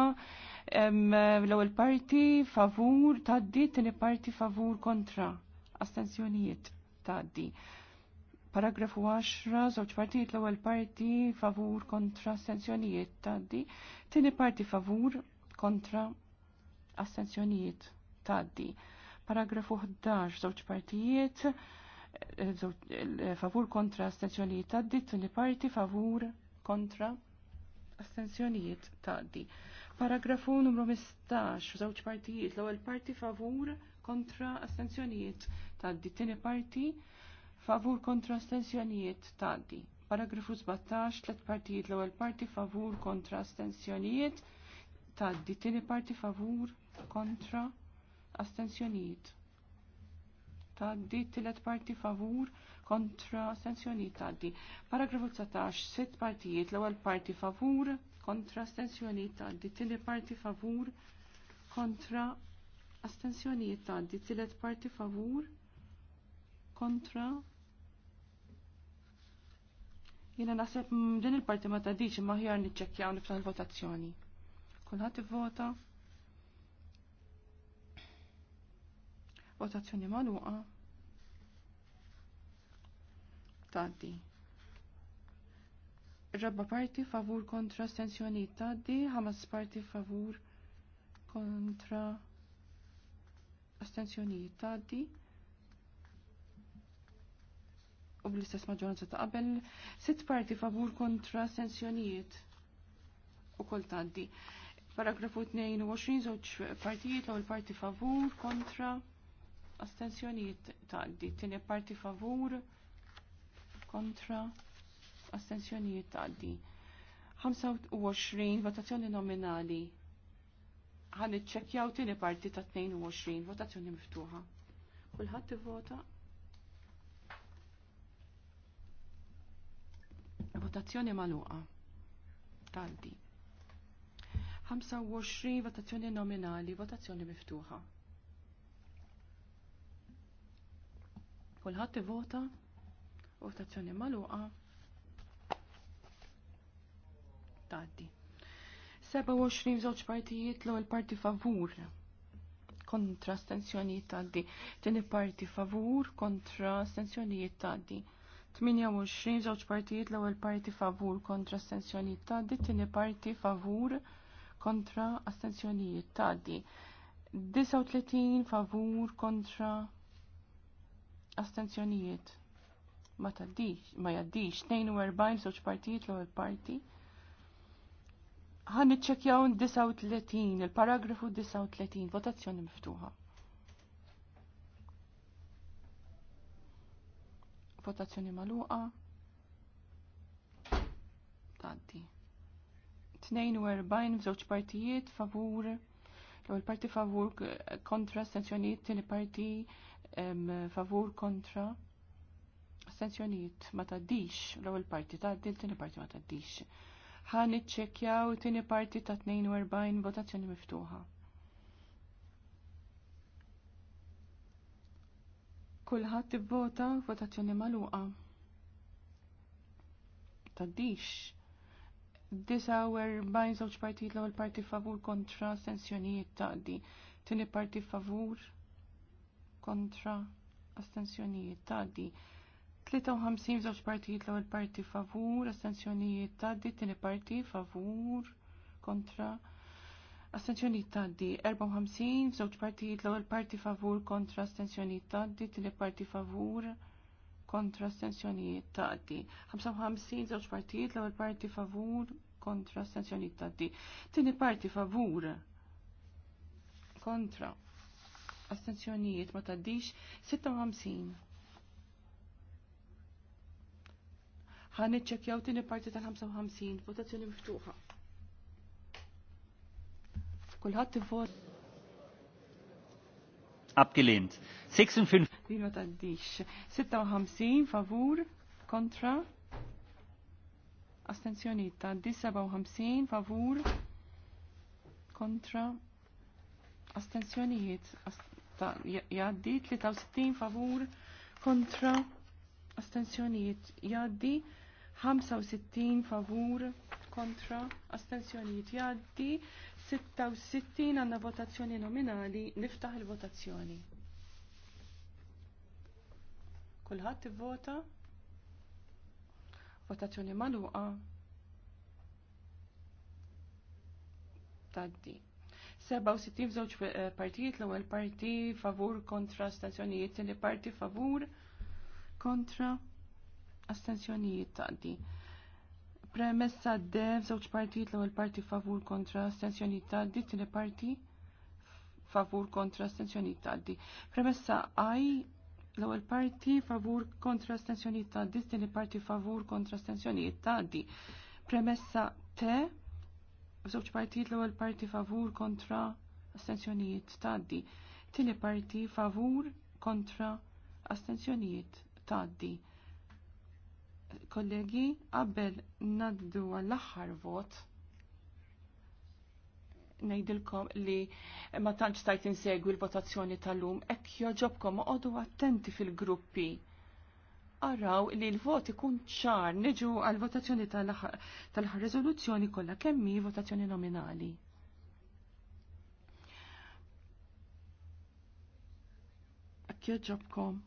l-ewwel parti favur tgħaddi, ni parti favur kontra. Astensjonijiet di. Paragrafu 10, żewġ partijiet l-ewwel parti favur kontra astensjonijiet taddi, tieni parti favur kontra astensjonijiet taddi. Paragrafu 11, żewġ partijiet eh, eh, favur kontra astensjonijiet taddi, tieni parti favur kontra astensjonijiet taddi. Paragrafu numru 15, żewġ partijiet l-ewwel parti favur kontra astensjonijiet taddi, tieni parti favur kontra stenzjonijiet taddi. Paragrafu 17, tlet partijiet l-ewwel parti favur kontra stenzjonijiet taddi, tieni parti favur kontra astensjonijiet. Taddi, tielet parti favur kontra astensjonijiet taddi. Paragrafu 17, sitt partijiet l-ewwel parti favur kontra astensjonijiet taddi, tieni parti favur kontra astenzjonijiet taddi, tielet parti favur kontra Jena naħseb mm, din il-parti ma tadiċ imma ħjar niċċekkjaw nifta' l votazzjoni Kulħadd ivvota. Votazzjoni magħluqa. Taddi. Rabba parti favur kontra stensjoni taddi, ħames parti favur kontra astensjoni taddi u bl-istess maġġoranza ta' qabel sitt parti favur kontra sensjonijiet u kol taddi. Paragrafu 22 żewġ partijiet l parti favur kontra astensjonijiet tgħaddi. Tieni parti favur kontra astensjonijiet tgħaddi. 25 votazzjoni nominali. Ħan iċċekkjaw tieni parti ta' 22 votazzjoni miftuħa. Kulħadd ivvota. vota Votazzjoni maluqa. Taldi. 25 votazzjoni nominali, votazzjoni miftuħa. Kulħadd ivota, votazzjoni maluqa. Taddi. 27 żewġ partijiet l-ewwel parti favur kontra stenzjonijiet taldi. Tieni parti favur kontra stenzjonijiet taldi. 28 żewġ partijiet l-ewwel parti favur kontra astensjonijiet tgħaddi, tieni parti favur kontra astensjonijiet tgħaddi. 39 favur kontra astensjonijiet. Ma tgħaddix, ma jgħaddix 42 żewġ partijiet l-ewwel parti. Ħan niċċekjaw 39, il-paragrafu 39, votazzjoni miftuħa. Votazzjoni maluqa. Taddi. 42 f'żewġ partijiet favur l-ewwel parti favur kontra astensjonijiet, tieni parti favur kontra astensjonijiet ma taddix l-ewwel parti tgħaddi tieni parti ma taddix. Ħa niċċekkjaw tieni parti ta' 42 votazzjoni miftuħa. Kulħadd ivvota votazzjoni magħluqa. Taddix. 49 żewġ partit l-ewwel parti favur kontra astensjonijiet taqdi. Tieni parti favur kontra astensjonijiet taqdi. 53 żewġ partijiet l-ewwel parti favur, astensjonijiet taqdi, tieni parti favur kontra Astenzjoni taddi 54 f'żewġ partijiet l-ewwel parti favur kontra astenzjoni taddi, tieni parti favur kontra astenzjoni taddi. 55 żewġ partijiet l-ewwel parti favur kontra astenzjoni taddi. Tieni parti favur kontra astenzjoni ma taddix 56 ħan iċċekjaw tini parti tal-55 votazzjoni miftuħa t tivvot. Abkilint. 56. Dino ma taddix. 56 favur kontra. Astenzjonita. 57 favur kontra. Astenzjonijiet jaddi 63 favur kontra. Astenzjonijiet jaddi 65 favur kontra astensjonijiet jaddi, 66 għanna votazzjoni nominali, niftaħ il-votazzjoni. Kulħadd ivvota. Votazzjoni magħluqa. Taddi. 67 f'żewġ eh, partijiet l-ewwel parti favur kontra astensjonijiet, tieni parti favur kontra astensjonijiet tgħaddi. Premessa dev żewġ partijiet l-ewwel parti favur kontra astensjoni tgħaddi, tieni parti favur kontra astensjoni taddi. Premessa I l-ewwel parti favur kontra astensjoni tgħaddi, tieni parti favur kontra astensjoni tgħaddi. Premessa T żewġ partijiet l-ewwel parti favur kontra astensjonijiet tgħaddi. Tieni parti favur kontra astensjonijiet tgħaddi Kollegi, qabel naddu għall-aħħar vot, nejdilkom li ma tantx tajt insegwi l-votazzjoni tal-lum, ekk joġobkom għodu attenti fil-gruppi. Araw li l-vot ikun ċar niġu għal-votazzjoni tal-ħar rezoluzzjoni kollha kemmi votazzjoni nominali. Ek joġobkom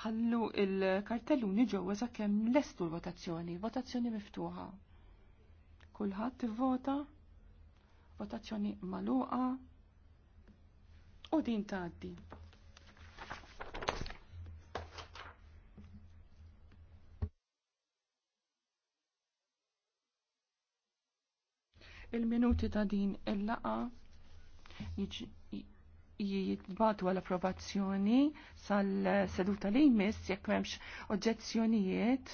ħallu il-kartelluni ġewwa sakemm lestu l-votazzjoni, votazzjoni miftuħa. Kulħadd ivvota, votazzjoni magħluqa u din tgħaddi. Il-minuti ta' din il-laqa jitbatu għal-approvazzjoni sal-seduta li jmiss jekk memx oġġezzjonijiet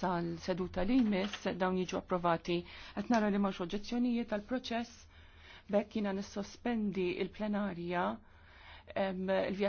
sal-seduta li jmiss dawn jiġu approvati. Qed nara li mux oġġezzjonijiet għal proċess bekk jiena nissospendi il-plenarja il